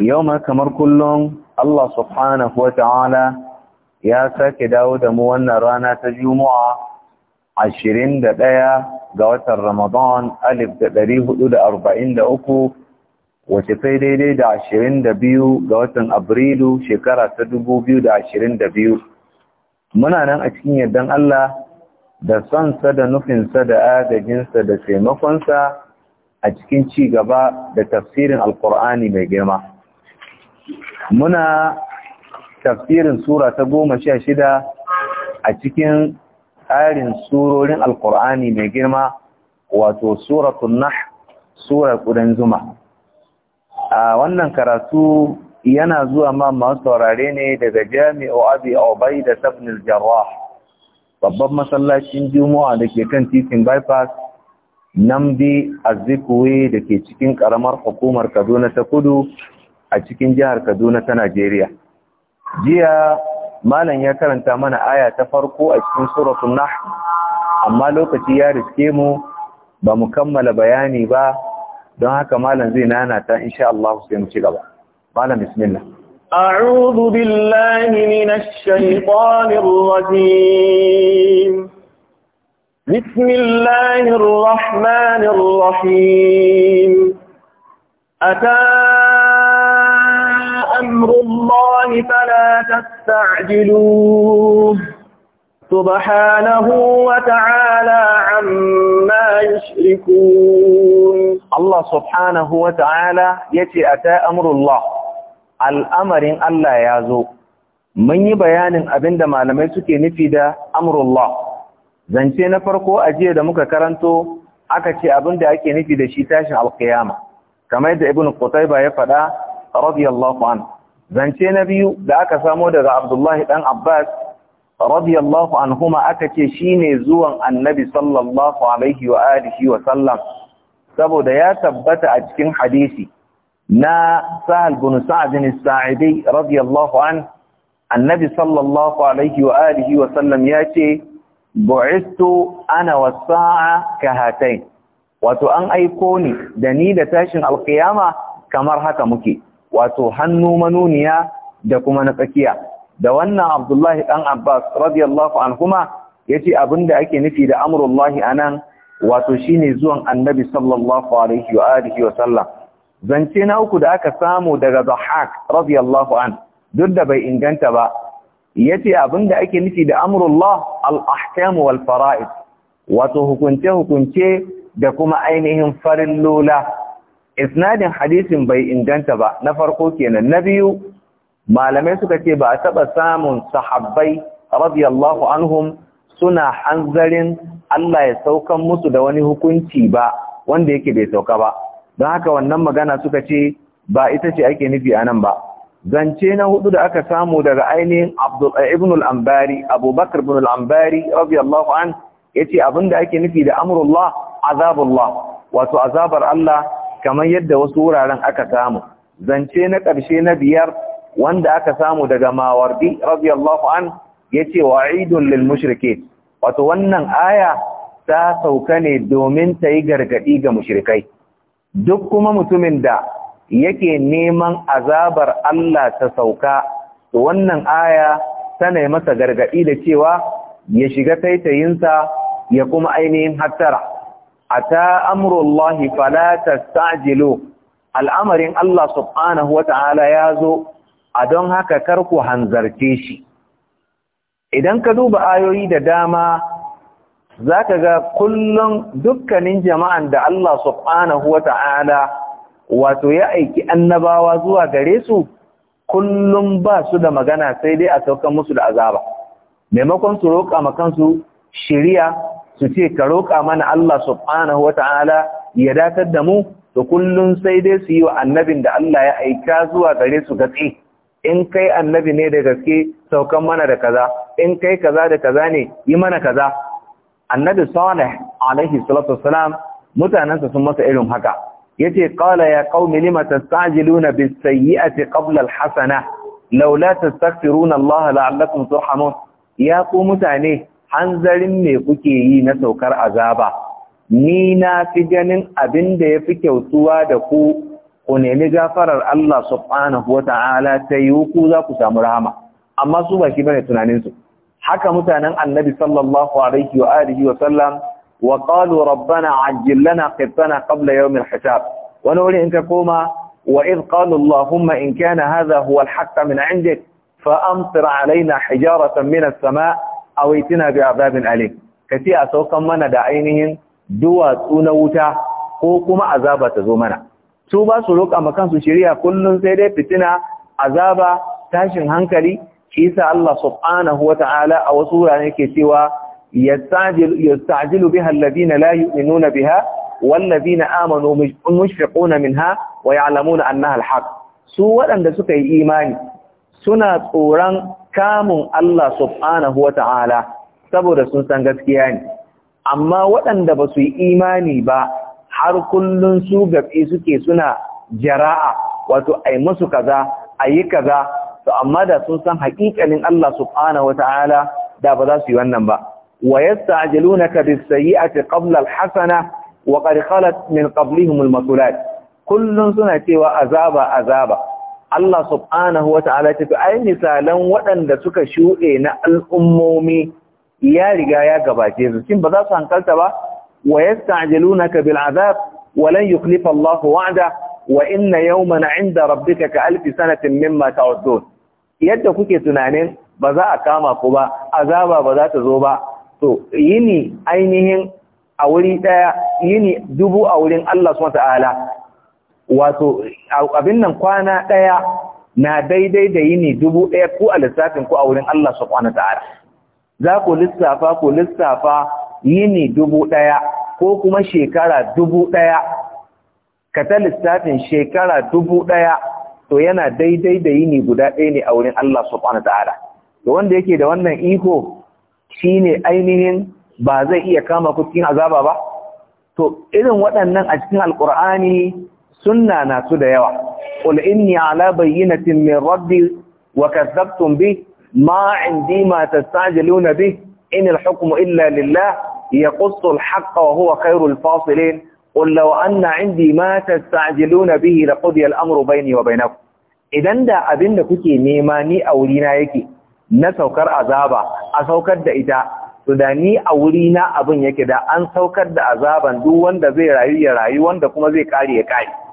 yau ma kamar kullum Allah subhanahu wa ta'ala ya sake dawo da mu wannan rana ta Juma'a ashirin da ɗaya ga watan Ramadan alif da ɗari hudu da arba'in da uku wace sai daidai da ashirin da biyu ga watan Abrilu shekara ta dubu biyu da ashirin da biyu. Muna nan a cikin yardan Allah da sansa da nufinsa da agajinsa da taimakonsa a cikin ci gaba da tafsirin alkur'ani mai girma. muna tafsirin sura ta goma sha shida a cikin tsarin surorin alkur'ani mai girma wato suratun nah surar ƙudan zuma a wannan karatu yana zuwa ma masu saurare ne daga jami'o abi obai da tafnil Jarwa. babban masallacin juma'a da ke kan titin bypass namdi azikuwe da ke cikin karamar hukumar kaduna ta kudu a cikin jihar Kaduna ta Najeriya. Jiya malam ya karanta mana aya ta farko a cikin suratul Nahl amma lokaci ya riske mu ba mu kammala bayani ba don haka malam zai nana ta insha Allah sai mu ci gaba. Malam bismillah. أعوذ بالله من الشيطان الرجيم بسم الله الرحمن الرحيم أتى الله فلا تستعجلوه سبحانه وتعالى عما يشركون الله سبحانه وتعالى يتي أتى أمر الله الأمر ألا يازو من يبيان أبن دم على ما يسكي نفيد أمر الله zance na farko a jiya da muka karanto aka ce abin da ake nufi da shi tashin alkiyama kamar yadda ibn Qutayba ya faɗa radiyallahu anhu zance na biyu da aka samo daga Abdullahi dan Abbas radiyallahu anhuma aka ce shine zuwan Annabi sallallahu alaihi wa alihi wa sallam saboda ya tabbata a cikin hadisi na Sahal bin Sa'd bin Sa'idi radiyallahu an Annabi sallallahu alaihi wa alihi wa sallam ya ce bu'istu ana wa saa kahatayn wato an aiko ni da ni da tashin alqiyama kamar haka muke wato hannu manuniya da kuma na tsakiya da wannan abdullahi dan abbas radiyallahu anhuma yace abinda ake nufi da amrullahi anan wato shine zuwan annabi sallallahu alaihi wa alihi wa sallam zance na uku da aka samu daga dhahak radiyallahu an duk da bai inganta ba yace abinda ake nufi da amrullah al-ahkam wal fara'id wato hukunce hukunce da kuma ainihin farin lola isnadin hadisin bai inganta ba na farko kenan na biyu malamai suka ce ba a taɓa samun sahabbai radiyallahu anhum suna hanzarin Allah ya saukan musu da wani hukunci ba wanda yake bai sauka ba don haka wannan magana suka ce ba ita ce ake nufi a nan ba zance na hudu da aka samu daga ainihin eh, ibn al'ambari abubakar ibn al'ambari radiyallahu an ya ce abinda ake nufi da amurullah azabullah wato azabar Allah kamar yadda wasu wuraren aka samu zance na ƙarshe na biyar wanda aka samu daga mawardi radiyallahu an ce wa'idun lil mushrikeen wato wannan aya ta sauka ne domin ta yi gargaɗi ga mushrikai duk kuma mutumin da yake neman azabar Allah ta sauka to wannan aya tana masa gargaɗi da cewa ya shiga taitayinsa ya kuma ainihin hattara ata amrullahi fala tastajilu al'amarin Allah subhanahu wata'ala ya zo a don haka kar ku hanzarce shi idan ka duba ayoyi da dama zaka ga kullum dukkanin jama'an da Allah subhanahu wata'ala wato ya aiki annabawa zuwa gare su kullum ba su da magana sai dai a sauka musu da azaba maimakon su roƙa makansu shiriya su ce ka roƙa mana Allah subhanahu wata'ala ya datar da mu to kullun sai dai su yi wa annabin da Allah ya aika zuwa gare su gatsi in kai annabi ne da gaske saukan mana da kaza in kai kaza da kaza ne yi mana kaza annabi salih alaihi salatu wassalam mutanansa sun masa irin haka yace qala ya qaumi lima tastajiluna bis sayyi'ati qabla al hasana laula tastaghfiruna Allah la'allakum turhamun ya ku mutane hanzarin me kuke yi na saukar azaba ni na fi ganin abin da ya fi kyautuwa da ku ku nemi gafarar Allah subhanahu wa ta'ala ta yi ku za ku samu rahama amma su ba shi bane tunaninsu haka mutanen annabi sallallahu alaihi wa alihi wa sallam wa qalu rabbana ajjil lana kabla qabla yawm hisab wani wuri in ka koma wa id qalu allahumma in kana hadha huwa al-haqq min 'indik fa amtir alaina hijaratan min as-sama' awaitina bi azabin alim ka a saukan mana da ainihin duwatsu na wuta ko kuma azaba ta zo mana su ba su roƙa ma kansu shari'a kullun sai dai fitina azaba tashin hankali shi yasa Allah subhanahu wata'ala a wasu wurare yake cewa yastajilu biha alladhina la yu'minuna biha wallazina amanu mushfiquna minha wa ya'lamuna annaha alhaq su waɗanda suka yi imani suna tsoron kamun Allah subhanahu wa ta'ala saboda sun san gaskiya ne, amma waɗanda ba su yi imani ba har kullum su gafi suke suna jara'a wato a musu kaza, a yi kaza, to amma da sun san haƙiƙanin Allah subhanahu wa ta'ala da ba za su yi wannan ba. Wa yasta ajilunaka bis a qabla al-hasana wa qad min ƙablihimul al-masulat. suna cewa azaba azaba Allah subhanahu wa ta'ala fi ai misalan waɗanda suka shuɗe na al'ummomi ya riga ya gabace su, cin ba za su hankalta ba, wa ya stajilu na ka bil'azab, lan yi klifa Allah wa'ada, wa inna yau mana inda rabbika ka alfi sanatin mimma ta Yadda kuke tunanin ba za a kama ku ba, azaba ba za ta zo ba, to yini ainihin a wuri ɗaya, yini dubu a wurin Allah subhanahu wa ta'ala, wato abin nan kwana ɗaya na daidai da yini dubu ɗaya ko a lissafin ko a wurin Allah subhanahu ta'ala za ku lissafa ku lissafa yini dubu ɗaya ko kuma shekara dubu ɗaya ka ta lissafin shekara dubu ɗaya to yana daidai da yini guda ɗaya ne a wurin Allah subhanahu ta'ala to wanda yake da wannan iko shine ainihin ba zai iya kama kuskin azaba ba to irin waɗannan a cikin alkur'ani sunna na su da yawa qul inni ala bayyinatin min rabbi wa kadzabtum bi ma indi ma tastajiluna bi in al-hukmu illa lillah yaqussu al-haqqa wa huwa khayrul fasilin qul law anna indi ma tastajiluna bihi da al-amru bayni wa bainakum idan da abinda kuke nema ni a wurina yake na saukar azaba a saukar da ita to da ni a wuri na abin yake da an saukar da azaban duk wanda zai rayu ya rayu wanda kuma zai kare ya kare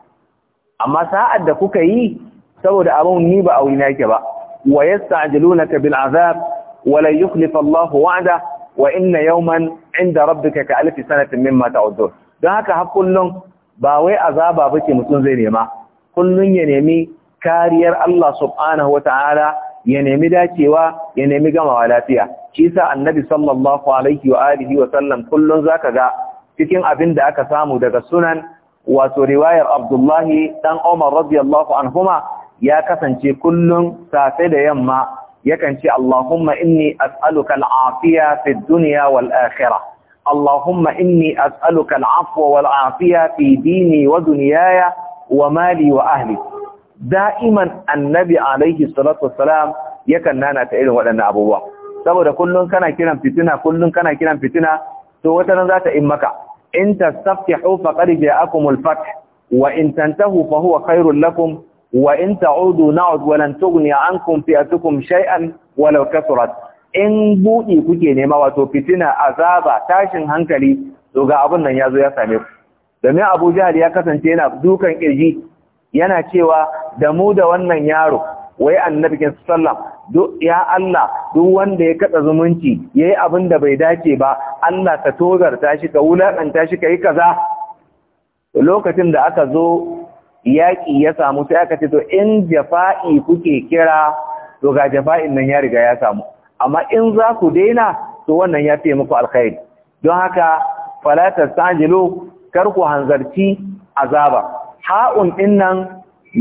amma sa'ad da kuka yi saboda abun ni ba auri nake ba wa yasta'jilunaka bil azab wa la yukhlifa Allah wa'da wa inna yawman 'inda rabbika ka alfi sanatin mimma ta'udun don haka har kullun ba wai azaba bace mutum zai nema Kullum ya nemi kariyar Allah subhanahu wa ta'ala ya nemi dacewa ya nemi gamawa lafiya shi sa annabi sallallahu alaihi wa alihi wa sallam kullun zaka ga cikin abin da aka samu daga sunan wato riwayar Abdullahi ɗan Umar radiyallahu anhuma ya kasance kullum safe da yamma yakan ce Allahumma inni as'aluka al-afiya fi duniya wal akhirah Allahumma inni as'aluka al-afwa wal afiya fi dini wa duniyaya wa mali wa ahli da'iman annabi Alayhi salatu wassalam yakan nana ta irin waɗannan abubuwa saboda kullun kana kiran fitina kullum kana kiran fitina to wata ran za ta in maka in tastaftihu faqad ja'akumul fath wa in tantahu fa huwa khairul lakum wa in ta'udu na'ud wa lan tughni ankum fi'atukum shay'an walau kasurat in budi kuke nema wato fitina azaba tashin hankali to ga abun nan yazo ya same ku domin Abu Jahl ya kasance yana dukan kirji yana cewa da mu da wannan yaro wai annabi sallallahu ya Allah duk wanda ya kada zumunci yayi abin da bai dace ba Allah ka tozarta shi ka wulakanta shi kai kaza lokacin da aka zo yaƙi ya samu sai aka ce to in jafa'i kuke kira to ga jafa'in nan ya riga ya samu amma in za ku daina to wannan ya fi muku alkhairi don haka fala sanjilo kar ku hanzarci azaba ha'un din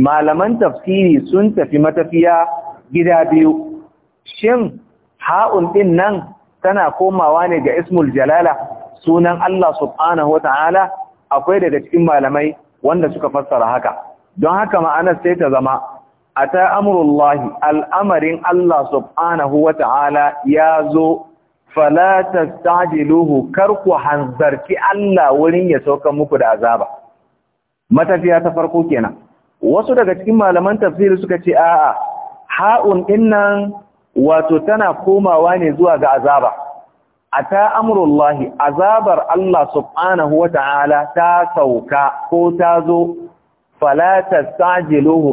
malaman tafsiri sun tafi matafiya gida biyu shin ha'un ɗin nan tana komawa ne ga ismul jalala sunan Allah subhanahu Ta'ala akwai daga cikin malamai wanda suka fassara haka don haka ma'anar sai ta zama ata amurullahi al'amarin Allah subhanahu Ta'ala ya zo fala Kar ku hanzarci Allah wurin ya sauka muku da azaba matafiya ta farko kenan wasu daga cikin malaman tafsiri suka ce a'a ha'un innan wato tana komawa ne zuwa ga azaba a ata amrullahi azabar Allah subhanahu wata'ala ta sauka ko ta zo fala kar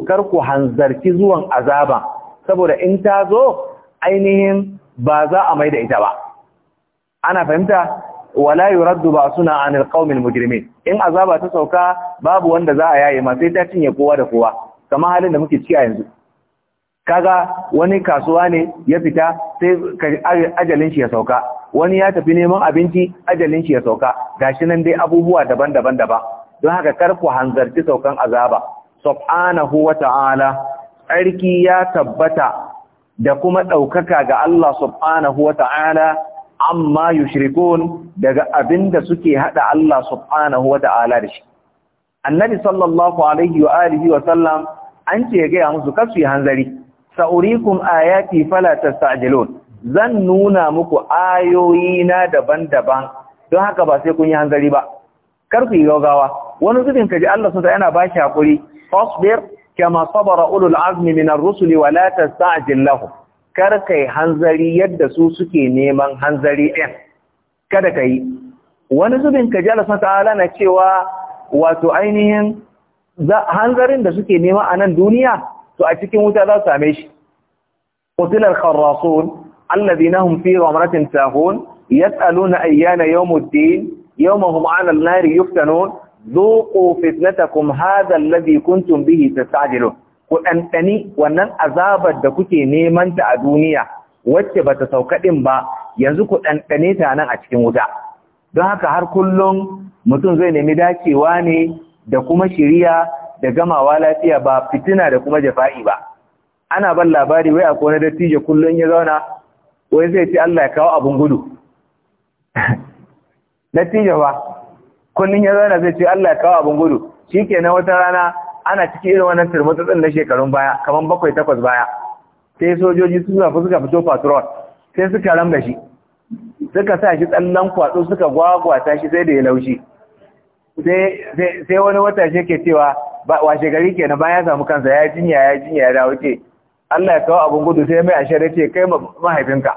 karku hanzarki zuwan azaba saboda in ta zo ainihin ba za a maida ita ba ana fahimta wala yuraddu ba suna an qaumil mujrimin in azaba ta sauka babu wanda za a yaye ma sai ta cinye kowa da kowa kamar halin da muke ciki a yanzu kaga wani kasuwa ne ya fita sai ajalin shi ya sauka wani ya tafi neman abinci ajalin shi ya sauka gashi nan dai abubuwa daban-daban daban don haka kar ku hanzarci saukan azaba subhanahu wa ta'ala tsarki ya tabbata da kuma ɗaukaka ga Allah subhanahu wata'ala amma yushrikun daga abinda suke hada Allah subhanahu wata'ala da shi annabi sallallahu alaihi wa alihi wa sallam an ce ya ga musu kasu hanzari sa'urikum ayati fala tasta'jilun zan nuna muku ayoyi na daban-daban don haka ba sai kun yi hanzari ba kar ku yi gaugawa wani zubin kaji Allah sun yana ba shi hakuri fasbir kama sabara ulul azmi min ar-rusuli wa la tasta'jil lahu kar kai hanzari yadda su suke neman hanzari din kada kai wani zubin kaji Allah sun ta'ala na cewa wato ainihin hanzarin da suke nema a nan duniya to a cikin wuta za su same shi qutilan kharasun alladhina hum fi ghamratin sahun yas'aluna ayyana yawmuddin yawmahum 'ala an-nari yuftanun dhuqu fitnatakum hadha alladhi kuntum bihi tastajilun ku ɗanɗani wannan azabar da kuke neman ta a duniya wacce bata sauka ɗin ba yanzu ku ɗanɗane ta nan a cikin wuta don haka har kullum mutum zai nemi dacewa ne da kuma shiriya da gamawa lafiya ba fitina da kuma jafa'i ba ana ban labari wai akwai na dattijo kullum ya zauna wai zai ce Allah ya kawo abun gudu dattijo ba kullum ya zauna zai ce Allah ya kawo abun gudu shikenan wata rana ana cikin irin wannan turmutsutsun na shekarun baya kamar bakwai takwas baya sai sojoji su zafi suka fito patrol sai suka ramba shi suka sa shi tsallan kwatsu suka gwagwata shi sai da ya laushi sai wani wata shi ke cewa washe gari kenan bayan ya samu kansa ya jinya ya jinya ya dawo ce Allah ya kawo abin gudu sai mai ashe ce kai mahaifinka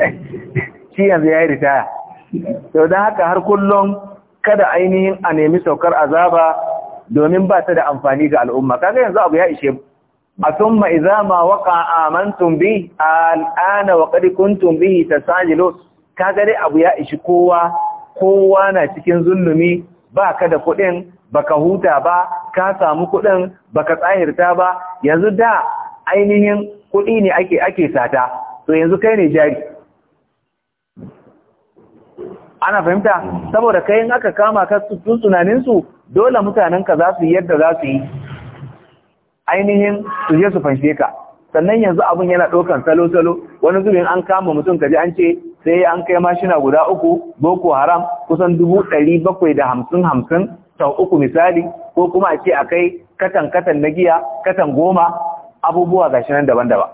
shi yanzu ya yi ritaya sau don haka har kullum kada ainihin a nemi saukar azaba domin ba ta da amfani ga al'umma kaga yanzu abu ya ishe a sun ma'iza ma waka amantun bi al'ana wa ƙarikuntun tumbi ta sajilo kaga dai abu ya ishi kowa kowa na cikin zulumi ba ka da kuɗin baka huta ba ka samu kuɗin baka tsahirta ba yanzu da ainihin kuɗi ne ake ake sata to yanzu kai ne jari ana fahimta saboda kai in aka kama ka tun tunaninsu dole mutanen ka za su yi yadda za su yi ainihin su je su fanshe ka sannan yanzu abin yana ɗaukar salo-salo wani zubin an kama mutum kaji an ce sai an kai mashina guda uku boko haram kusan dubu ɗari bakwai da hamsin hamsin sau uku misali ko kuma a ce akai katan katan na giya katan goma abubuwa shi nan daban-daban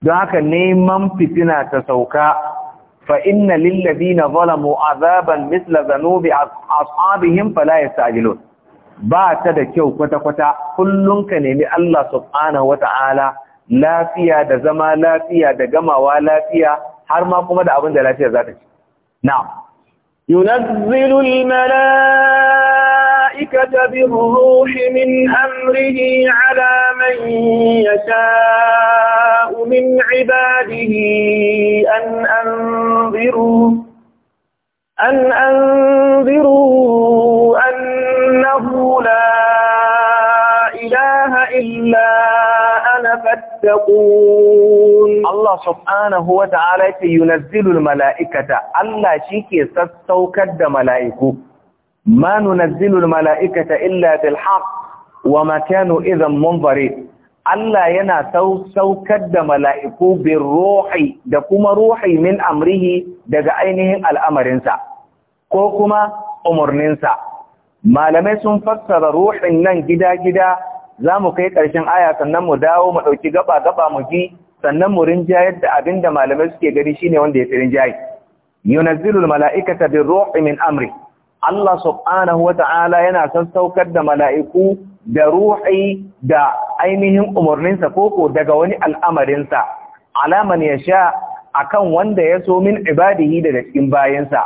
don haka neman fitina ta sauka fa inna lilladina zalamu azaban misla zanubi ashabihim fala yastajilun ba ta da kyau kwata-kwata kullum ka nemi Allah subhanahu wata'ala lafiya da zama lafiya da gamawa lafiya har ma kuma da abin da lafiya za ta ci na'am ينزل الملائكة بالروح من أمره على من يشاء من عباده أن أنذروا أن أنذروا أنه لا yattaqun Allah subhanahu wa ta'ala yake yunazzilul mala'ikata Allah Shi ke sassaukar da mala'iku ma nunazzilul mala'ikata illa bil haqq wa ma kanu idhan Allah yana sassaukar da mala'iku bir da kuma ruhi min amrihi daga ainihin al'amarinsa ko kuma umurninsa malamai sun fassara ruhin nan gida gida za mu kai ƙarshen aya sannan mu dawo mu ɗauki gaba-gaba mu ji sannan mu rinjayar da abin da malamai suke gani shine wanda ya fi rinjaye. mala’ika mala'ikata bin ruhi min amri. Allah subhanahu wa ta'ala yana sassaukar da mala'iku da ruhi da ainihin umarninsa koko daga wani al'amarinsa, alaman ya sha a kan wanda ya so min ibadihi daga cikin bayansa.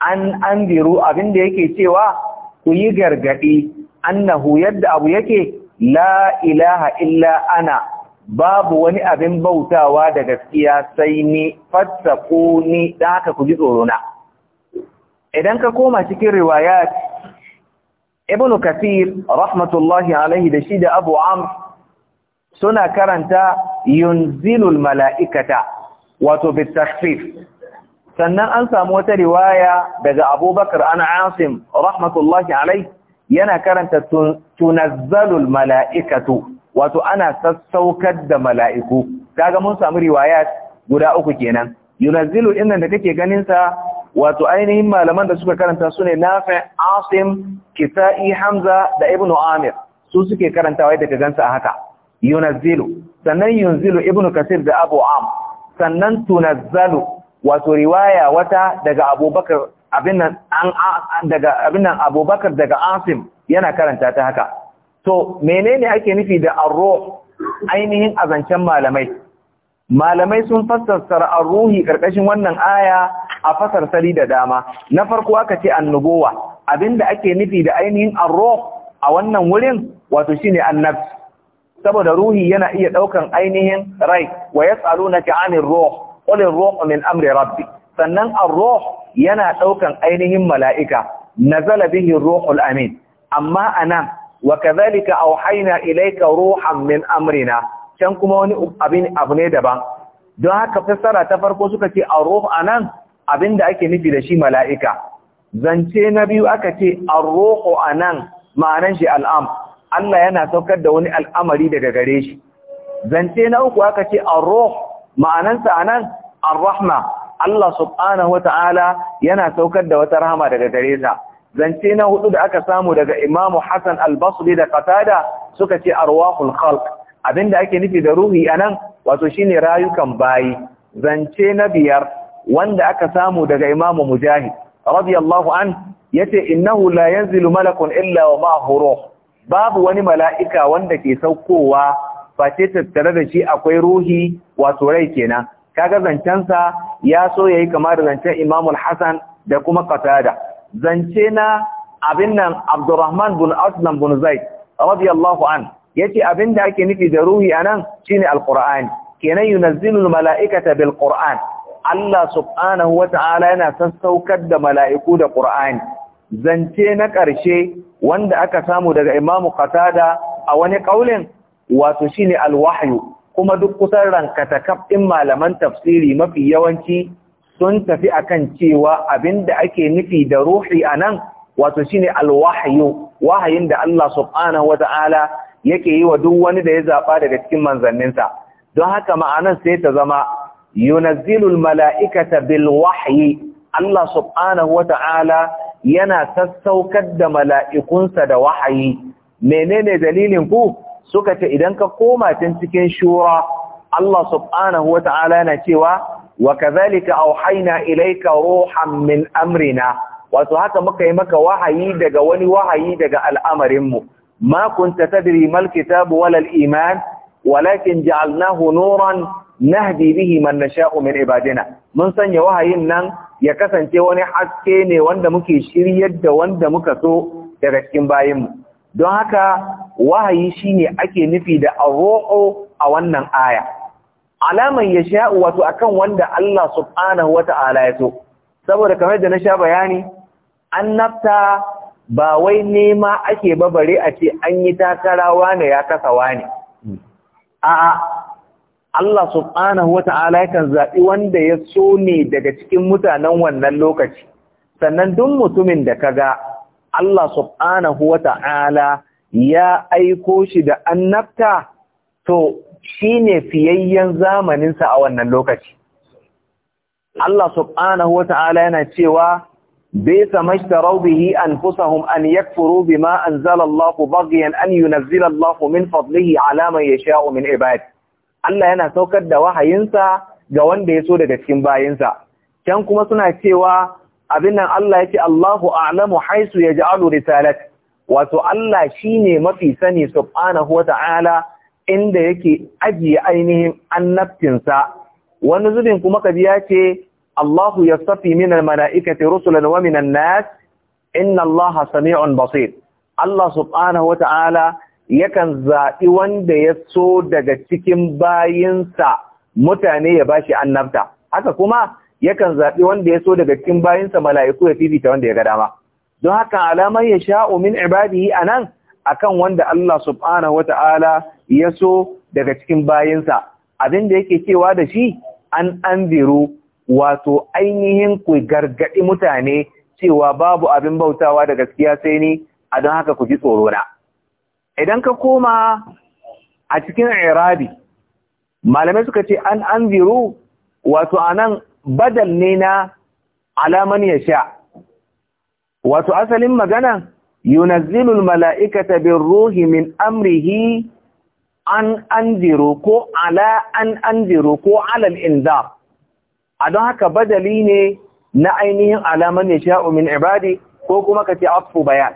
An an biru abin da yake cewa ku yi gargaɗi, annahu yadda abu yake la ilaha illa ana babu wani abin bautawa da gaskiya sai ni fattako ni da haka ku ji tsorona idan ka koma cikin riwayat ibn kathir rahmatullahi alaihi da shi da abu amr suna karanta yunzilul mala'ikata wato bitakhfif sannan an samu wata riwaya daga abubakar ana asim rahmatullahi alaihi yana karanta tunazzalul mala'ikatu wato ana sassaukar da mala'iku kaga mun samu riwayat guda uku kenan yunazzilu inda da kake ganin sa wato ainihin malaman da suka karanta sune Nafi' Asim Kisa'i Hamza da Ibnu Amir su suke karantawa yadda ka gansa haka yunazzilu sannan yunzilu Ibn Kasir da Abu Am sannan tunazzalu wato riwaya wata daga Abubakar abin nan abubakar daga asim yana karanta ta haka to menene ake nufi da arro ainihin azancen malamai malamai sun fassar arruhi ƙarƙashin wannan aya a fasarsari da dama na farko aka ce annubowa abinda ake nufi da ainihin arro a wannan wurin wato shi ne annabci saboda ruhi yana iya ɗaukan ainihin rai wa na anir roh ƙulin roh min amri rabbi sannan ar yana ɗaukan ainihin mala'ika nazala bihi ruhul amin amma anan wa kadhalika auhayna ilayka ruhan min amrina can kuma wani abin abu ne daban don haka fassara ta farko suka ce ar-ruh anan abinda ake nufi da shi mala'ika zance na biyu aka ce ar a nan, ma'anan shi al'am Allah yana saukar da wani al'amari daga gare shi zance na uku aka ce ar ma'anansa anan ar-rahma Allah subhanahu wata'ala yana saukar da wata rahama daga gare ta. zance na hudu da aka samu daga Imam Hassan al-Basri da Qatada suka ce arwahul khalq abinda ake nufi da ruhi anan wato shine rayukan bayi zance na biyar wanda aka samu daga Imam Mujahid radiyallahu an yace innahu la yanzilu malakun illa wa ma'ahu ruh babu wani mala'ika wanda ke saukowa face tattare da shi akwai ruhi wato rai kenan kaga zancensa ya so yayi kamar zancen Imam al-Hasan da kuma Qatada zance na abin nan Abdurrahman bin Aslam bin Zaid radiyallahu an yace abin da ake nufi da ruhi a nan shine al-Qur'ani kenan yunazzilu al-mala'ikata bil Qur'an Allah subhanahu wa ta'ala yana sassaukar da mala'iku da Qur'ani zance na ƙarshe wanda aka samu daga Imam Qatada a wani kaulin wato shine al-wahyu kuma duk kusan rankata kafin malaman tafsiri mafi yawanci sun tafi akan cewa abin da ake nufi da ruhi a nan wato shi shine alwahayo wahayin da Allah subhanahu wata'ala yake yi wa duk wani da ya zaɓa daga cikin manzanninsa don haka ma'anar sai ta zama yunazilul mala'ikata bil wahayi Allah subhanahu wata'ala yana sassaukar da mala'ikunsa da wahayi menene dalilin ku suka ce idan ka koma tun cikin shura Allah subhanahu wa ta'ala yana cewa wa kadhalika auhayna ilaika ruhan min amrina wato haka muka yi maka wahayi daga wani wahayi daga al'amarinmu. mu ma kunta tadri mal kitab wala al iman walakin ja'alnahu nuran nahdi bihi man nasha'u min ibadina mun sanya wahayin nan ya kasance wani haske ne wanda muke shiryar da wanda muka so daga cikin bayanmu. don haka wahayi shine ake nufi da arruhu a wannan aya alaman ya sha wato akan wanda Allah subhanahu wata'ala ya so saboda kamar da na sha bayani An nafta, ba wai nema ake babare a ce an yi takarawa ne ya kasawa ne a'a Allah subhanahu wata'ala kan zaɓi wanda ya so ne daga cikin mutanen wannan lokaci sannan duk mutumin da ka ga, Allah subhanahu wata'ala ya aiko shi da annabta to shi ne fiyayyen zamaninsa a wannan lokaci Allah subhanahu wa ta'ala yana cewa bisa ra'ubihi bihi anfusahum an yakfuru bima anzala Allah baghyan an yunzila Allah min fadlihi alamar ya yasha'u min ibad Allah yana saukar da wahayinsa ga wanda ya so daga cikin bayinsa can kuma suna cewa abin nan Allah ya ce Allahu a'lamu haisu ya yaj'alu risalat wato Allah shi ne mafi sani subhanahu ta'ala inda yake ajiye ainihin annabtinsa wani zubin kuma ka ya ce Allahu ya safi minar mala'ikati rusulan wa minan nas inna Allaha sami'un basir Allah subhanahu ta'ala yakan zaɓi wanda ya so daga cikin bayinsa mutane ya bashi annabta haka kuma yakan zaɓi wanda ya so daga cikin bayinsa mala'iku ya fifita wanda ya ga dama don haka alamar ya sha'u min ibadihi a nan kan wanda Allah subhanahu Ta'ala ya so daga cikin bayansa, abinda yake cewa da shi an anziru wato ainihin ku gargaɗi mutane cewa babu abin bautawa da gaskiya sai ni a don haka ku ji tsorona idan ka koma a cikin irabi malamai suka ce an anziru wato a nan badal ne na alamar ya sha wato asalin magana yunazzilul mala'ikata bin ruhi min amrihi an anziru ko ala an anziru ko alal inzar a don haka badali ne na ainihin alaman ya sha'o min ibadi ko kuma ka ce atfu bayan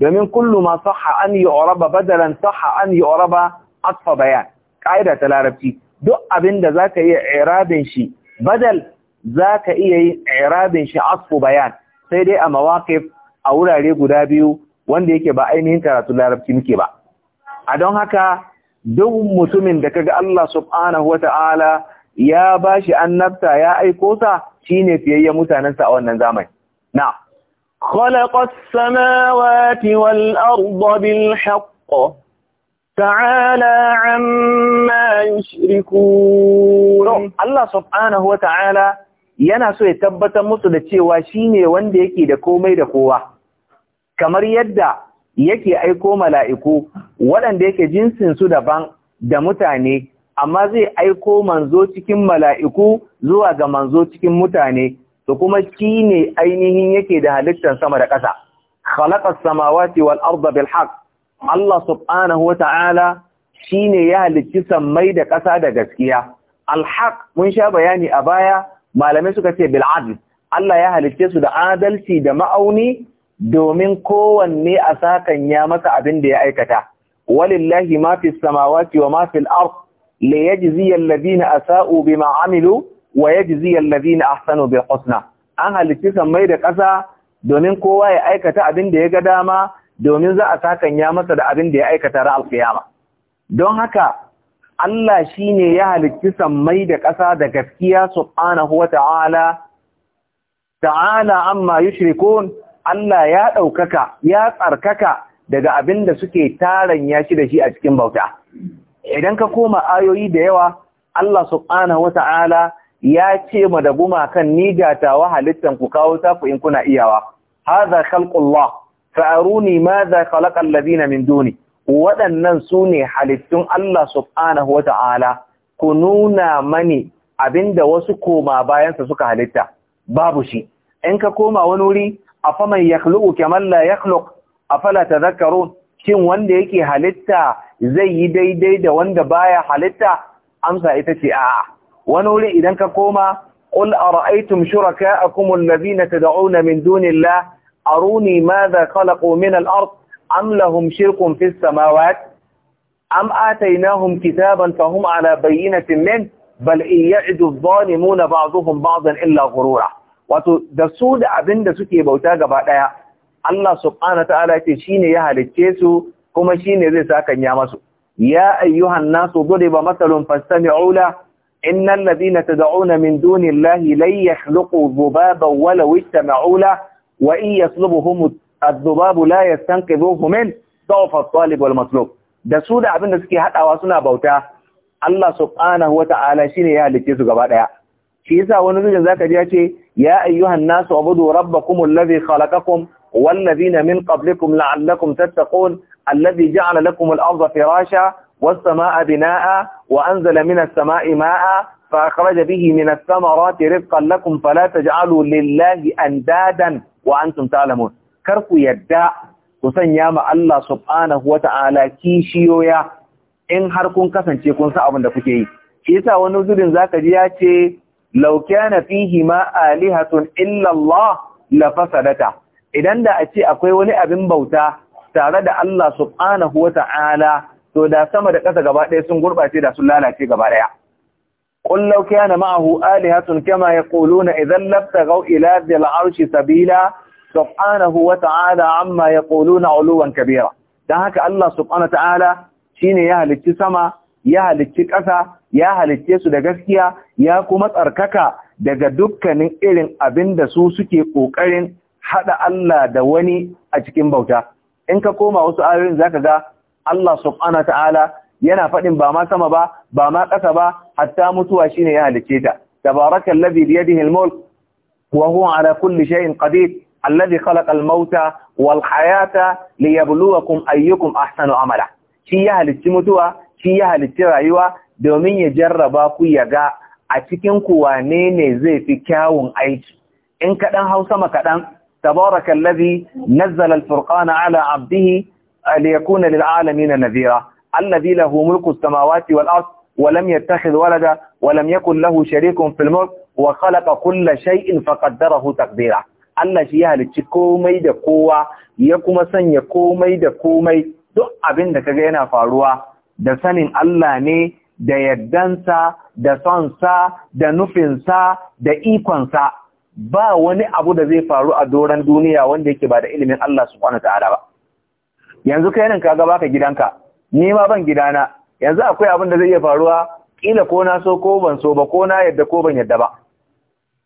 domin kullu ma sahha an yi oraba badalan sahha an yi oraba atfa bayan ƙa'ida ta larabci duk abin da za ka iya irabin shi badal za ka iya yin irabin shi atfu bayan sai dai a mawaƙif a wurare guda biyu wanda yake ba ainihin karatu larabci muke ba a don haka duk mutumin da kaga Allah subhanahu ta'ala ya bashi annabta ya aiko sa ne fiyayyen mutanensa a wannan zamani na خلق السماوات والأرض بالحق تعالى عما Allah SubhanaHu wa ta'ala. yana so ya tabbatar musu da cewa shi ne wanda yake da komai da kowa kamar yadda yake aiko mala'iku waɗanda yake jinsinsu daban da mutane amma zai aiko manzo cikin mala'iku zuwa ga manzo cikin mutane to kuma shi ne ainihin yake da halittar sama da ƙasa khalaqas samawati wal arda bil haqq Allah subhanahu wa ta'ala shine ya halicci sammai da ƙasa da gaskiya. alhak mun sha bayani a baya malamai suka ce bil Allah ya halicce su da adalci da ma'auni domin kowanne a sakan ya masa abin da ya aikata walillahi ma fi samawati wa ma fil ard li yajzi alladhina asa'u bima amilu wa yajzi alladhina ahsanu bil husna an san sammai da ƙasa domin kowa ya aikata abin da ya ga dama domin za a sakan ya masa da abin da ya aikata ra alqiyama don haka Allah shi ne ya halitti sammai da ƙasa da gaskiya subhanahu wa ta'ala ta'ala amma yushrikun Allah ya ɗaukaka ya tsarkaka daga abin da suke taron ya shi da shi a cikin bauta idan ka koma ayoyi da yawa Allah subhanahu wa ta'ala ya ce ma da gumakan ni gatawa halittan ku kawo safu in kuna iyawa hadha khalqullah fa'aruni madha khalaqa alladhina min duni waɗannan su ne halittun Allah subhanahu ta'ala) ku nuna mani abinda wasu koma bayansa suka halitta babu shi in ka koma wani wuri afaman yakhluqu kaman la yakhluq afala tadhakkarun shin wanda yake halitta zai yi daidai da wanda baya halitta amsa ita ce a'a wani wuri idan ka koma qul ara'aytum shuraka'akum alladhina tad'una min duni la, aruni madha khalaqu min al-ard am lahum shirkun fis samawat am atainahum kitaban fahum ala bayyinatin min bal ya'du adh-dhalimuna ba'dhuhum ba'dan illa ghurura wato da su da abin da suke bauta gaba daya Allah subhanahu ta'ala ce shine ya halicce su kuma shine zai sakanya masu ya ayyuhan nasu duriba masalun fastami'u la innal ladina tad'una min dunillahi lan yakhluqu dhubaban walau istama'u la wa in yaslubuhum addubabu la yastanqidhuhu min dawf at-talib da su da abin da suke hadawa suna bauta Allah subhanahu wata'ala shine ya halicce su gaba daya shi yasa wani zubin zaka ji ya ce ya ayyuhan nasu ubudu rabbakumul ladhi khalaqakum wal ladhina min qablikum la'allakum tattaqun alladhi ja'ala lakumul arda firasha والسماء بناء وأنزل من السماء ماء فأخرج به من الثمرات رزقا لكم فلا lillahi andadan wa وأنتم تعلمون kar ku yadda ku sanya ma Allah subhanahu ta’ala kishiyoya in har kun kasance kun sa abin da kuke yi shi yasa wani zubin zaka ji ya ce law kana fihi ma alihatun illa Allah la fasadata idan da a ce akwai wani abin bauta tare da Allah subhanahu ta’ala to da sama da ƙasa gaba ɗaya sun gurɓace da sun lalace gaba ɗaya قل لو كان ya آلهة كما يقولون إذا لابتغوا إلى ذي العرش سبيلا subhanahu wa ta'ala amma na uluwan kabira dan haka Allah subhanahu wa ta'ala shine ya halicci sama ya halicci ƙasa ya halicce su da gaskiya ya kuma tsarkaka daga dukkanin irin abin da su suke ƙoƙarin haɗa Allah da wani a cikin bauta in ka koma wasu ayoyin zaka ga Allah subhanahu ta'ala yana faɗin ba ma sama ba ba ma ƙasa ba hatta mutuwa shine ya halicce ta tabarakallazi bi yadihi al wa huwa ala kulli shay'in qadir الذي خلق الموت والحياة ليبلوكم أيكم أحسن عملا في أهل التموتوا في أهل الترعيوا دومين يجرباكو يغا أتكين كوانين زي في كاون أيت إن كدن هاو سمكتن تبارك الذي نزل الفرقان على عبده آه، ليكون للعالمين نذيرا الذي له ملك السماوات والأرض ولم يتخذ ولدا ولم يكن له شريك في الملك وخلق كل شيء فقدره تقديره Allah shi ya halicci komai da kowa ya kuma sanya komai da komai duk abin da kaga yana faruwa da sanin Allah ne da yaddansa, da sonsa da nufinsa da ikonsa ba wani abu da zai faru a doron duniya wanda yake ba da ilimin Allah subhanahu ta'ala ba yanzu kai nan kaga baka gidanka ni ma ban gidana yanzu akwai abin da zai iya faruwa Ƙila ko na so ko ban so ba ko na yadda ko ban yadda ba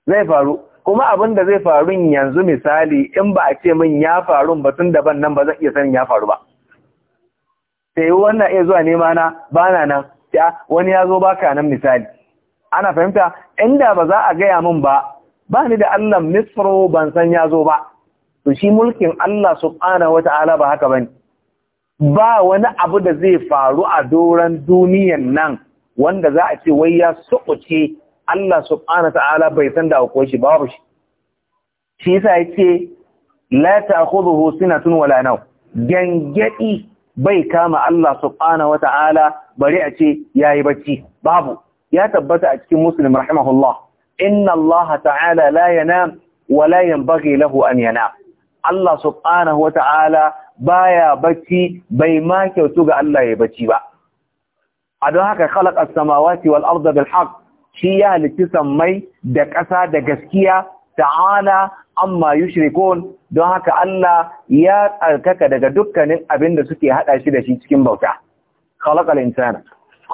zai faru kuma abin da zai faru yanzu misali in ba a ce min ya faru ba tun daban nan ba zan iya sanin ya faru ba sai wannan iya zuwa nema na ba na nan Ya wani ya zo baka nan misali ana fahimta inda ba za a gaya min ba ba ni da Allah misro ban san ya zo ba to shi mulkin Allah subhanahu ala ba haka bane ba wani abu da zai faru a doron duniyan nan wanda za a ce wai ya sukuce Allah subhanahu ta'ala bai san da akwai shi babu shi shi yasa yace la ta'khudhuhu sinatun wala naw gangadi bai kama Allah subhanahu ta'ala bari a ce yayi bacci babu ya tabbata a cikin muslim rahimahullah inna Allah ta'ala la yanam wala yanbaghi lahu an yanam Allah subhanahu ta'ala baya bacci bai ma kyautu ga Allah ya bacci ba a don haka khalaqa as-samawati wal arda bil haqq shi ya halitti sammai da ƙasa da gaskiya ta'ala amma yushrikun don haka Allah ya tsarkaka daga dukkanin abin da suke haɗa shi da shi cikin bauta khalaqal insana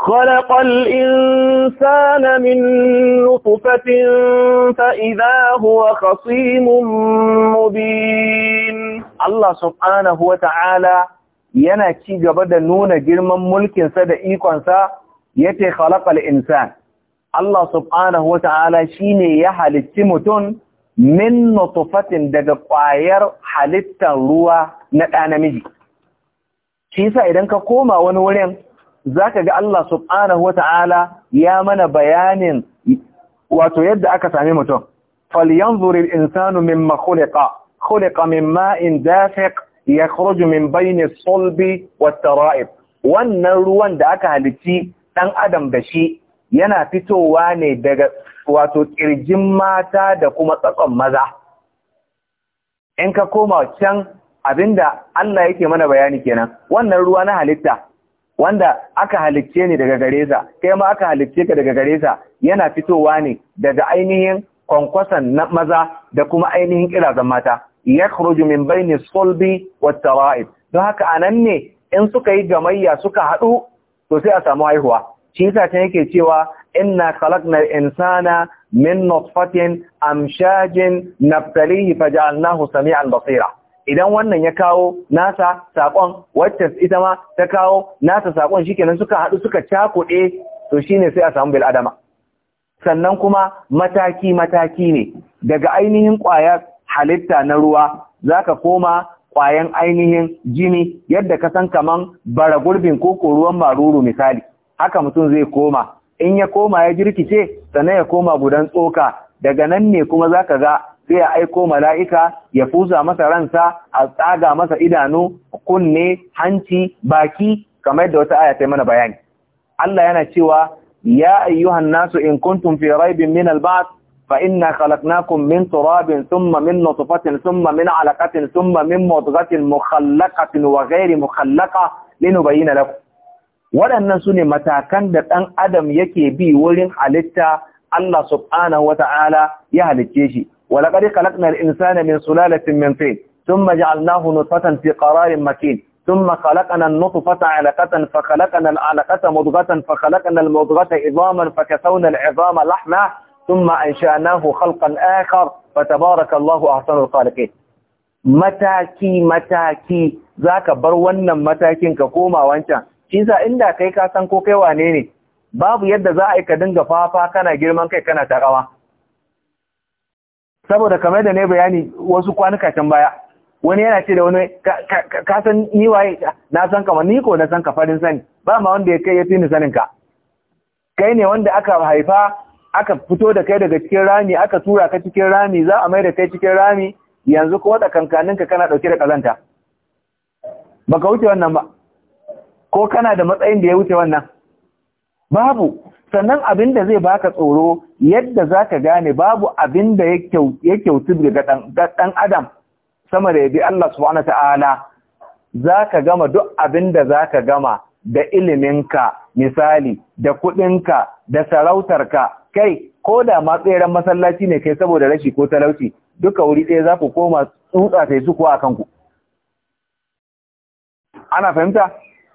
khalaqal insana min nutfatin fa idha huwa khasimun mubin Allah subhanahu wa ta'ala yana ci gaba da nuna girman mulkin sa da ikon sa yace khalaqal insana Allah subhanahu wa ta'ala shi ne ya halitti mutum min nutufatin daga ƙwayar halittar ruwa na ɗa namiji. Shi sa idan ka koma wani wurin za ka ga Allah subhanahu wa ta'ala ya mana bayanin wato yadda aka sami mutum. فلينظر الإنسان مما خلق خلق من ماء min يخرج من بين الصلب والترائب wannan ruwan da aka halitti ɗan adam da shi yana fitowa ne daga wato ƙirjin mata da kuma tsakon maza in ka koma can abinda Allah yake mana bayani kenan wannan ruwa na halitta wanda aka halicce ne daga gare sa kai ma aka halicce ka daga gare sa yana fitowa ne daga ainihin kwankwasan na maza da kuma ainihin kirazan mata yakhruju min baini sulbi wata tara'ib don haka anan ne in suka yi gamayya suka haɗu to sai a samu haihuwa shi yasa ta yake cewa inna khalaqnal insana min nutfatin amshajin nabtalihi faj'alnahu sami'an basira idan wannan ya kawo nasa sakon wacce ita ma ta kawo nasa sakon shikenan suka hadu suka cakude to shine sai a samu bil adama sannan kuma mataki mataki ne daga ainihin ƙwayar halitta na ruwa zaka koma ƙwayan ainihin jini yadda ka san kaman bara gurbin koko ruwan maruru misali haka mutum zai koma in ya koma ya jirkice sannan ya koma gudan tsoka daga nan ne kuma zaka ga sai ya aiko mala'ika ya fusa masa ransa a tsaga masa idanu kunne hanci baki kamar yadda wata aya ta mana bayani Allah yana cewa ya ayyuhan nasu in kuntum fi raibin min al-ba'th fa inna khalaqnakum min turabin thumma min nutfatin thumma min 'alaqatin thumma min mudghatin mukhallaqatin wa ghayri mukhallaqa linubayyana lakum waɗannan su ne matakan da ɗan adam yake bi wurin halitta Allah subhanahu wa ta'ala ya halicce shi walaƙari kalaknar insana min sulalatin min fi sun maja'alnahu nutfatan fi ƙararin makin ثم خلقنا النطفة علقة فخلقنا العلقة مضغة فخلقنا المضغة عظاما فكسونا العظام لحما ثم أنشأناه خلقا آخر فتبارك الله أحسن الخالقين mataki mataki zaka bar wannan matakin ka koma wancan shi sa inda kai ka san ko kai wane ne babu yadda za a yi ka dinga fafa kana girman kai kana tarawa saboda kamar da ne bayani wasu kwanuka can baya wani yana ce da wani ka san ni waye na san kamar ni ko na san ka farin sani ba ma wanda ya kai ya fi ni sanin ka kai ne wanda aka haifa aka fito da kai daga cikin rami aka tura ka cikin rami za a mai da kai cikin rami yanzu kuma kankaninka kana dauke da kazanta baka wuce wannan ba ko kana da matsayin da ya wuce wannan babu sannan abin da zai baka tsoro yadda za ka gane babu abin da ya kyautu daga ɗan adam sama da ya bi Allah subhanahu ta'ala za ka gama duk abin da za ka gama da iliminka misali da kuɗinka da sarautarka kai ko da ma tseren masallaci ne kai saboda rashi ko talauci duka wuri ɗaya za ku koma tsutsa ta yi zukuwa a kanku ana fahimta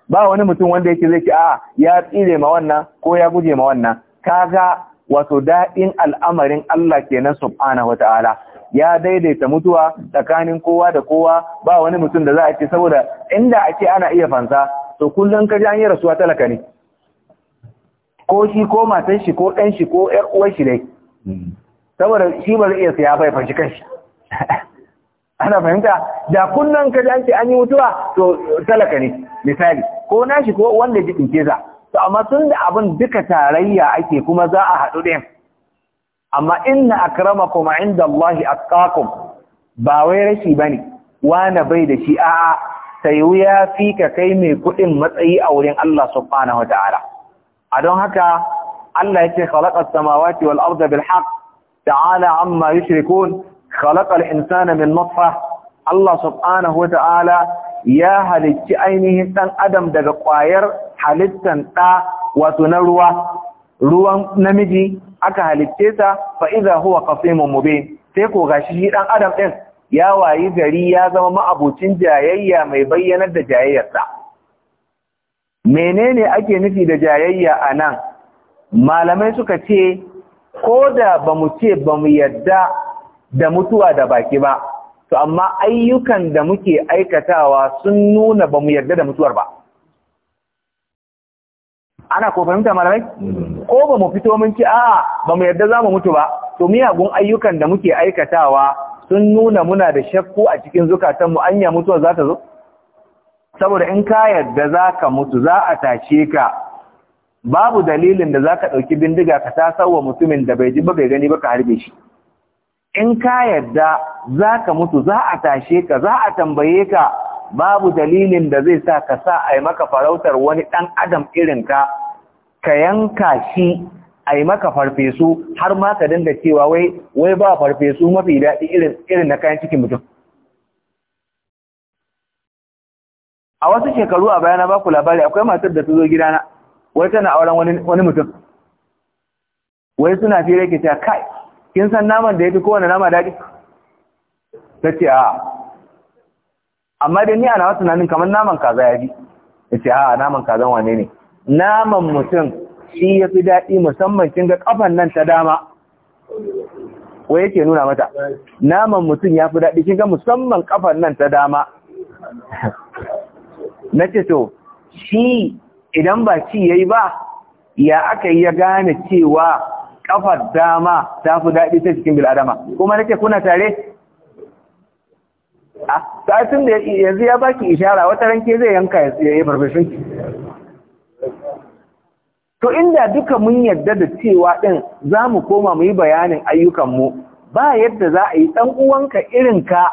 ba wani mutum wanda yake zai ce a ya tsire ma wannan ko ya guje ma wannan kaga wato daɗin al'amarin Allah kenan subhanahu wata'ala ya daidaita mutuwa tsakanin kowa da kowa ba wani mutum da za a ce saboda inda ake ana iya fansa to kullum ka ji an yi rasuwa talaka ne ko shi ko matan shi ko ɗan shi ko ƴar uwar shi dai hmm. saboda shi ba zai iya siya bai fanshi kanshi ana fahimta da kunnan ka da ake an yi mutuwa to talaka ne misali ko nashi ko wanda ji dinke za to amma tun da abin duka tarayya ake kuma za a haɗu ɗin amma inna akramakum inda Allahi atqakum ba wai rashi bane wani bai da shi a'a sai wuya fi ka kai mai kuɗin matsayi a wurin Allah subhanahu ta'ala a don haka Allah ya khalaqa as-samawati wal arda bil haqq ta'ala amma yushrikun khalaqal insana min nutfa Allah subhanahu wata'ala ya halicci ainihin ɗan adam daga ƙwayar halittan ɗa wato na ruwa ruwan namiji aka halicce ta, fa idza huwa qasimun mubin sai ko gashi shi dan adam din ya wayi gari ya zama ma'abucin jayayya mai bayyanar da jayayyarsa menene ake nufi da jayayya anan malamai suka ce ko da ba mu ce ba mu yadda da mutuwa da baki ba to amma ayyukan da muke aikatawa sun nuna ba mu yarda da mutuwar ba ana ko fahimta malamai mm. ko ba mu fito mun ci a'a ba mu yarda za mu mutu ba to miyagun ayyukan da muke aikatawa sun nuna muna da shakku a cikin zukatanmu anya mutuwar za ta zo saboda in ka yarda za ka mutu za a tashe ka babu dalilin da za ka ɗauki bindiga ka tasar wa mutumin da bai ji ba bai gani ba ka harbe shi in ka yadda za ka mutu za a tashe ka za a tambaye ka babu dalilin da zai sa ka sa a yi maka farautar wani ɗan adam irinka ka yanka shi a yi maka farfesu har ma ka dinda cewa wai wai ba farfesu mafi daɗi irin irin na kayan cikin mutum a wasu shekaru a bayana ba ku labari akwai matar da su zo gidana wai tana auren wani mutum wai suna fi ke kai kin san naman da yafi kowane nama daɗi ta ce a amma dai ni ana wasu nanin kamar naman kaza ya bi. ta ce a naman kaza wane ne naman mutum shi ya fi daɗi musamman kin ga ƙafan nan ta dama wai yake nuna mata naman mutum ya fi daɗi kin ga musamman ƙafan nan ta dama na ce to shi idan ba ci ya yi ba ya aka yi ya gane cewa kafar dama ta fi daɗi ta cikin bil'adama kuma nake kuna tare a sa'atun da yanzu ya baki ishara wata ranke zai yanka ya yi farfashin to inda duka mun yadda da cewa ɗin za mu koma mu yi bayanin ayyukanmu ba yadda za a yi ɗan'uwanka irin ka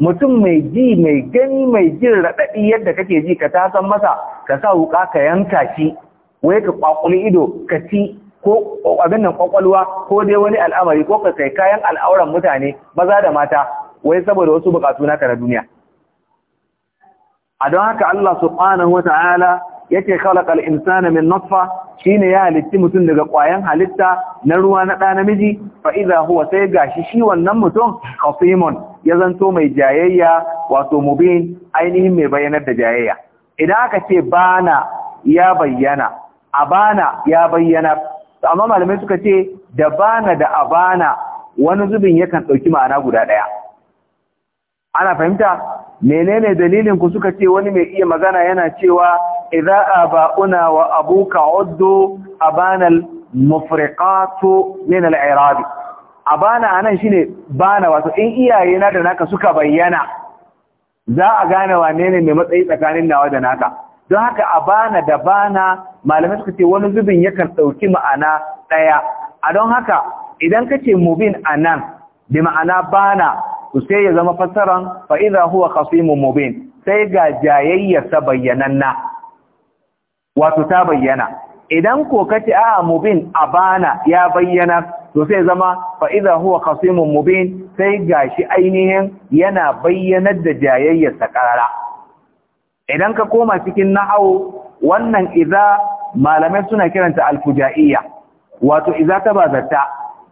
mutum mai ji mai gani mai jin raɗaɗi yadda kake ji ka tasan masa ka sa wuƙa ka yanka shi wai ka ƙwaƙuli ido ka ci ko abin nan kwakwalwa ko dai wani al'amari ko kai kayan al'auran mutane maza da mata wai saboda wasu bukatu naka na duniya a don haka Allah subhanahu wata'ala yake khalaqal insana min nutfa shine ya halitti mutum daga ƙwayan halitta na ruwa na ɗa namiji fa idza huwa sai gashi shi wannan mutum qasimun ya zanto mai jayayya wato mubin ainihin mai bayyanar da jayayya idan aka ce bana ya bayyana abana ya bayyana amma malamai suka ce da bana da abana wani zubin yakan ɗauki ma'ana guda ɗaya ana fahimta menene dalilin ku suka ce wani mai iya magana yana cewa idza aba'una wa abuka uddu abana al-mufriqatu min al-i'rab abana anan shine bana wato in iyaye na da naka suka bayyana za a gane wane ne mai matsayi tsakanin nawa da naka don haka a bana da bana malamai suka ce wani zubin yakan ɗauki ma'ana ɗaya a don haka idan ka ce mubin a nan bi ma'ana bana ku sai ya zama fassaran fa'iza huwa khasimun mubin sai ga jayayyarsa bayyananna wato ta bayyana idan ko ka ce a mubin a bana ya bayyana to sai zama fa'iza huwa khasimun mubin sai gashi ainihin yana bayyanar da jayayyarsa ƙarara idan ka koma cikin nahawu wannan iza malamai suna kiranta alfujaiya wato iza ta zata?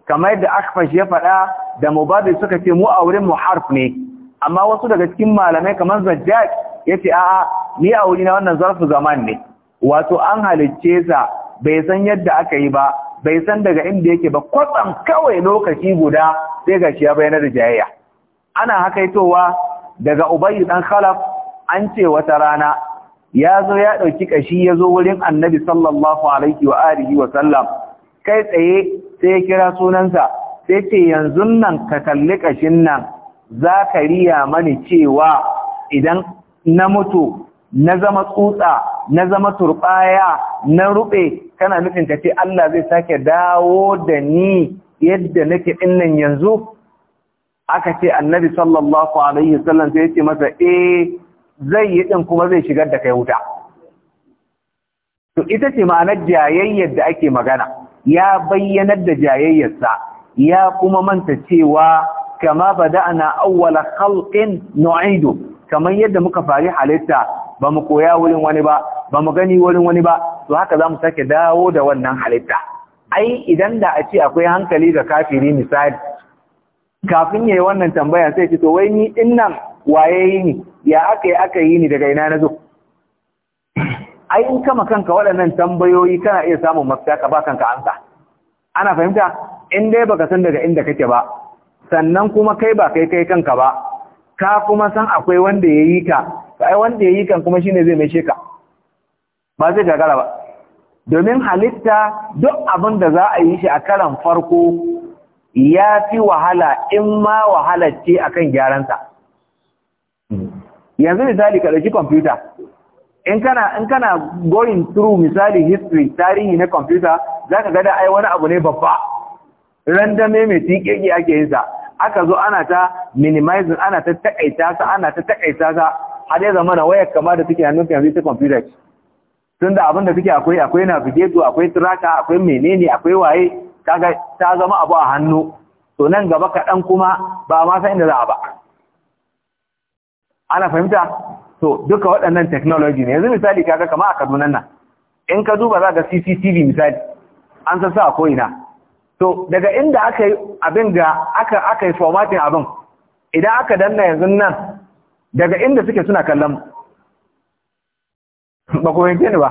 kamar yadda akfash ya faɗa da mubadi suka ce mu a wurin mu harf ne amma wasu daga cikin malamai kamar zajjaj ya ce a'a ni a na wannan zarfu zaman ne wato an halicce sa bai san yadda aka yi ba bai san daga inda yake ba kwatsam kawai lokaci guda sai gashi ya bayyana da jayayya ana hakaitowa daga Ubayyu dan khalaf an ce wata rana ya zo ya ɗauki ƙashi ya zo wurin annabi sallallahu alaihi wa alihi wa sallam kai tsaye sai ya kira sunansa sai ce yanzu nan ka kalli ƙashin nan za ka riya mani cewa idan na mutu na zama tsutsa na zama turɓaya na ruɓe kana nufin ka ce Allah zai sake dawo da ni yadda nake ɗinnan yanzu aka ce annabi sallallahu alaihi wasallam sai ya ce masa eh zai yi ɗin kuma zai shigar da kai wuta to ita ce ma'anar jayayyar da ake magana ya bayyanar da jayayyarsa ya kuma manta cewa kama na awwala halƙin nu'idu kamar yadda muka fari halitta ba mu koya wurin wani ba ba mu gani wurin wani ba to haka za mu sake dawo da wannan halitta ai idan da a ce akwai hankali ga kafiri misali kafin ya yi wannan tambaya sai ce to wai ni din nan waye yi ni ya aka yi aka yi ni daga ina na zo ayin kama kanka waɗannan tambayoyi kana iya samun mafita ka ba kanka ansa ana fahimta in dai baka san daga inda kake ba sannan kuma kai ba kai kai kanka ba ka kuma san akwai wanda ya yi ka ai wanda ya yi kan kuma shine zai mai ka ba zai gagara ba domin halitta duk abin da za a yi shi a karan farko ya fi wahala in ma wahalar ce akan sa. yanzu misali ka ɗauki kwamfuta in kana in kana going through misali history tarihi na kwamfuta za ka gada ai wani abu ne babba randame mai tiƙeƙe ake yinsa, aka zo ana ta minimizing ana ta taƙaita sa ana ta taƙaita sa har ya zama na wayar kama da suke hannun yanzu ta kwamfuta ce da abin da suke akwai akwai navigator akwai tiraka, akwai menene akwai waye kaga ta zama abu a hannu to nan gaba kaɗan kuma ba ma san inda za a ba ana fahimta to duka waɗannan technology ne yanzu misali kaga kama a Kaduna nan in ka duba za ga CCTV misali an san sa ko ina to daga inda aka yi abin ga aka aka yi formatting abin idan aka danna yanzu nan daga inda suke suna kallon ba ko yanke ni ba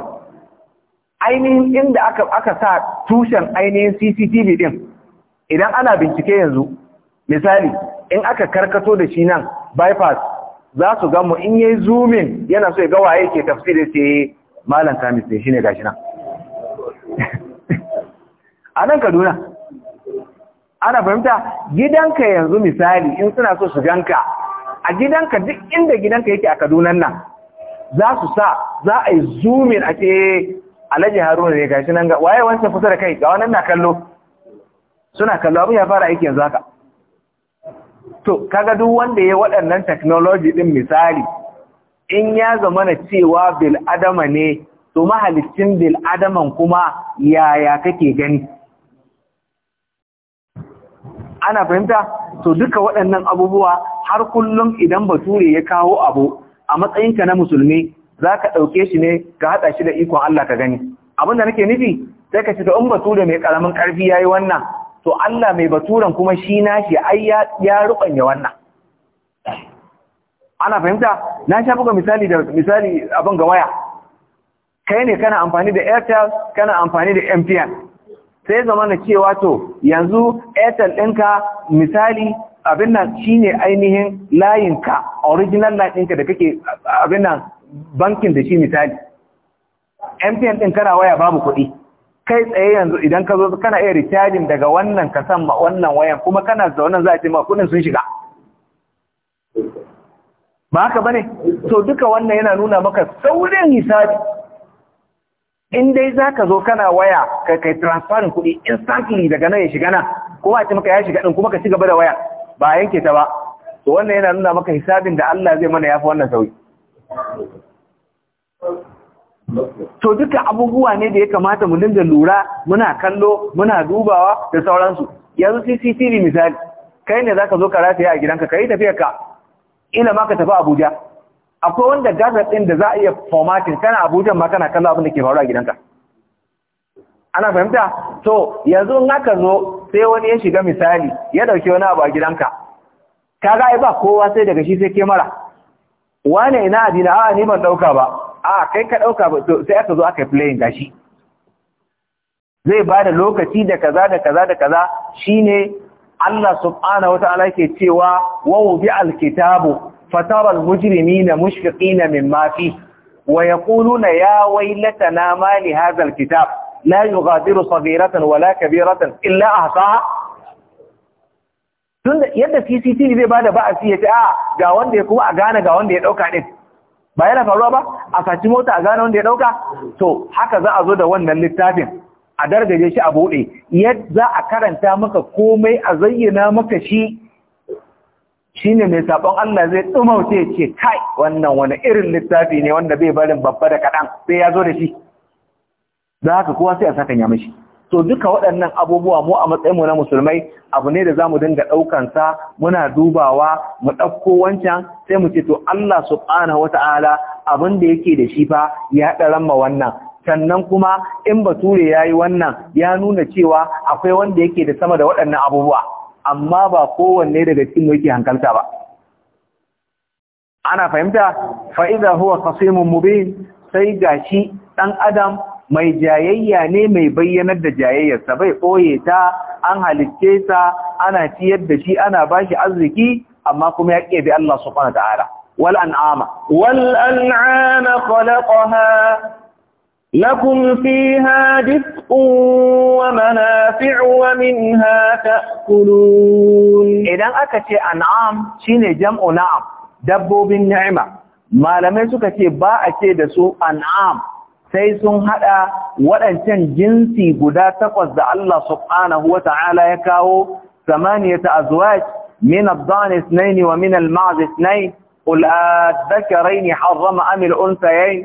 ainihin inda aka aka sa tushen ainihin CCTV din idan ana bincike yanzu misali in aka karkato da shi nan bypass za su gamu in yi zumin yana so ya ga waye ke da ce eh, malam kamis ne ne gashi nan a nan kaduna ana fahimta gidanka yanzu misali in suna so su ganka a gidanka duk inda gidanka yake a kadunan nan za su sa za a yi zumin a ce eh, alhaji haruna ne gashi nan ga waye wancan kusa da kai ga wannan na kallo suna kallo abin ya fara aiki yanzu haka to kaga duk wanda ya waɗannan technology ɗin misali in ya zama na cewa bil'adama ne to mahalicin bil'adaman kuma yaya kake gani ana fahimta to duka waɗannan abubuwa har kullum idan bature ya kawo abu a matsayinka na musulmi za ka ɗauke shi ne ka haɗa shi da ikon Allah ka gani abin da nake nufi sai ka ce to in bature mai ƙaramin ƙarfi ya yi wannan to Allah mai baturan kuma shi nashi ai ya rubanya wannan ana fahimta na sha buga misali da misali abin ga waya kai ne kana amfani da airtel kana amfani da mtn sai zama na cewa to yanzu airtel ɗinka misali abin nan shine ainihin layinka original line ɗinka da kake abin nan bankin da shi misali mtn ɗin kana waya babu kuɗi kai tsaye yanzu idan ka zo kana iya recharging daga wannan ka san ma wannan wayan kuma kana da wannan za a ce ma kudin sun shiga ba haka bane to duka wannan yana nuna maka saurin hisabi in dai za ka zo kana waya ka kai transferin kuɗi instantly daga nan ya shiga nan kuma a ce maka ya shiga ɗin, kuma ka ci gaba da waya ba yanke ta ba to wannan yana nuna maka hisabin da Allah zai mana ya fi wannan sauyi to duka abubuwa ne da ya kamata mu dinga lura muna kallo muna dubawa da sauransu yanzu CCTV misali kai ne zaka zo ka rataya a gidanka kai tafiya ka ila ma ka tafi Abuja akwai wanda gazet din da za a iya formatin kana Abuja ma kana kallo abin da ke faruwa a gidanka ana fahimta to yanzu in aka zo sai wani ya shiga misali ya dauki wani abu a gidanka kaga ai ba kowa sai daga shi sai mara. wane ina adina a ni ban dauka ba a kai ka ɗauka ba sai aka zo aka playing gashi zai ba da lokaci da kaza da kaza da kaza shine Allah subhanahu wata'ala yake cewa wa bi alkitabu fatara almujrimina mushfiqina mimma fi wa yaquluna ya waylatana ma li hadha alkitab la yughadiru saghiratan wala kabiratan illa ahsaha tunda yadda CCTV zai bada ba'asi ya ce a ga wanda ya kuma a gane ga wanda ya dauka din ba yana faruwa ba a saci mota a gane wanda ya dauka to haka za a zo da wannan littafin a dargaje shi a bude yadda za a karanta maka komai a zayyana maka shi shine mai sabon Allah zai ya ce kai wannan wani irin littafi ne wanda bai barin babba da kadan sai ya zo da shi Za ka kowa sai a saka ya mishi to duka waɗannan abubuwa mu a matsayinmu na musulmai abu ne da za mu dinga ɗaukansa muna dubawa mu ɗauko wancan sai mu ce to Allah subhanahu wata'ala abin da yake da shi fa ya haɗa ramma wannan sannan kuma in bature ya yi wannan ya nuna cewa akwai wanda yake da sama da waɗannan abubuwa amma ba kowanne daga cikin yake hankalta ba ana fahimta fa'iza huwa qasimun mubin sai gashi ɗan adam mai jayayya ne mai bayyanar da jayayyarsa bai ɓoye ta an halicce sa ana ciyar da shi ana bashi arziki amma kuma ya ƙebe Allah subhanahu ta'ala wal an'ama wal an'ama khalaqaha lakum fiha dif'un wa manafi'u wa minha ta'kulun idan aka ce an'am shine jam'u na'am dabbobin ni'ima malamai suka ce ba a ce da su an'am sai sun hada waɗancan jinsi guda takwas da Allah subhanahu wata'ala ya kawo samaniyata azwaj min ad-dan wa min almaz maz qul adh harrama am al-unthayayn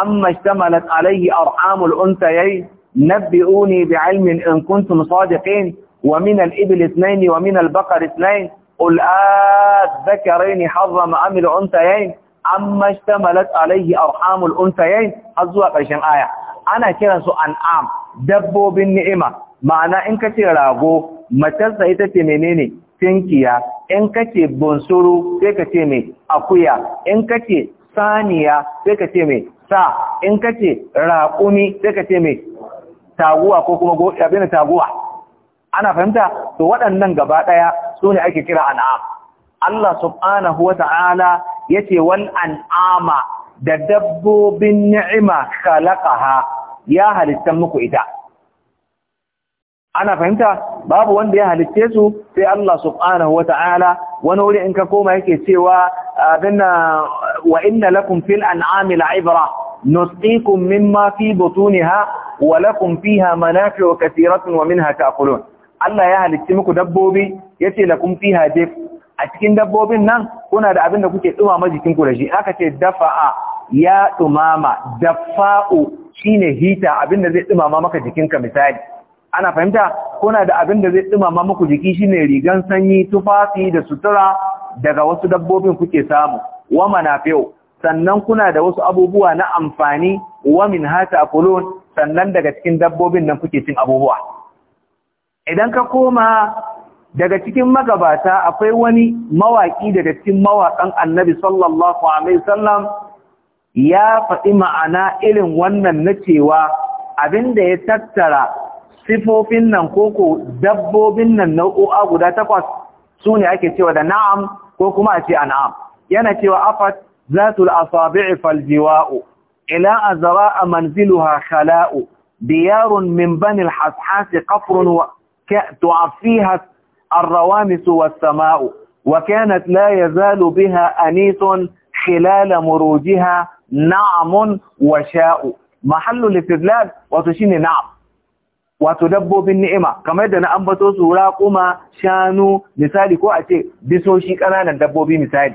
amma ishtamalat alayhi arham al-unthayayn نبئوني بعلم إن كنتم صادقين ومن الإبل اثنين ومن البقر اثنين قل آذ ذكرين حرم أم العنثيين amma shtamalat alaihi arhamul unsayain har zuwa ƙarshen aya ana kiran su an'am dabbobin ni'ima ma'ana in kace rago matarsa ita ce menene tinkiya in kace bunsuru sai kace me akuya in kace saniya sai kace me sa in kace raƙumi sai kace me taguwa ko kuma abin taguwa ana fahimta to waɗannan gaba ɗaya su ake kira an'am Allah subhanahu wa ta'ala yace wal an'ama da dabbobin ni'ima khalaqaha ya halitta muku ita ana fahimta babu wanda ya halitte su sai Allah subhanahu wata'ala wani wuri in ka koma yake cewa abinna wa inna lakum fil an'ami la'ibra nusqikum mimma fi butunha wa lakum fiha manafi'u katiratun wa minha ta'kulun Allah ya halitti muku dabbobi yace lakum fiha dif a cikin dabbobin nan kuna da abin da kuke dumama jikin ku da shi aka ce dafa'a ya dumama dafa'u shine hita abin da zai dumama maka jikinka misali ana fahimta kuna da abin da zai dumama muku jiki shine rigan sanyi tufafi da sutura daga wasu dabbobin kuke samu wa manafi'u sannan kuna da wasu abubuwa na amfani wa min hata sannan daga cikin dabbobin nan kuke cin abubuwa idan ka koma daga cikin magabata akwai wani mawaki daga cikin mawakan annabi sallallahu alaihi wasallam ya faɗi ma'ana irin wannan na cewa abinda ya tattara sifofin nan koko dabbobin nan nau'o'a guda takwas su ne ake cewa da na'am ko kuma a ce an'am yana cewa afat zatul asabi'i fal jiwa'u ila azra'a manziluha khala'u diyarun min banil hashas qafrun wa ta'fiha الروانس والسماء وكانت لا يزال بها أنيس خلال مروجها نعم وشاء محل الاستدلال وتشين نعم وتدبو بالنعمة كما يدنا أنبتو سورا قما شانو مثالي كو أتي بسوشي كنانا دبو بي مثال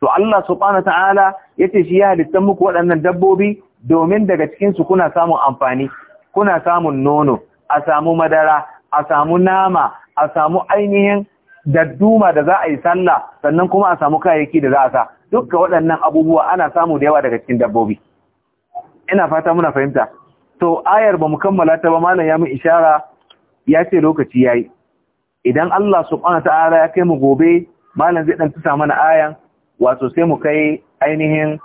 تو الله سبحانه وتعالى يتشيها للتمك ولأن دبو بي دومين دا جتكين سكونا سامو أمفاني كنا سامو النونو أسامو مدارا أسامو ناما a samu ainihin dadduma da za a yi sallah sannan kuma a samu kayayyaki da za a sa dukkan waɗannan abubuwa ana samu da yawa daga cikin dabbobi ina fata muna fahimta to ayar ba mu kammala ta ba malam ya mun isharar ya ce lokaci yayi idan Allah subhanahu ta'ala ya kai mu gobe malam zai dan tusa mana ayan wato sai mu kai ainihin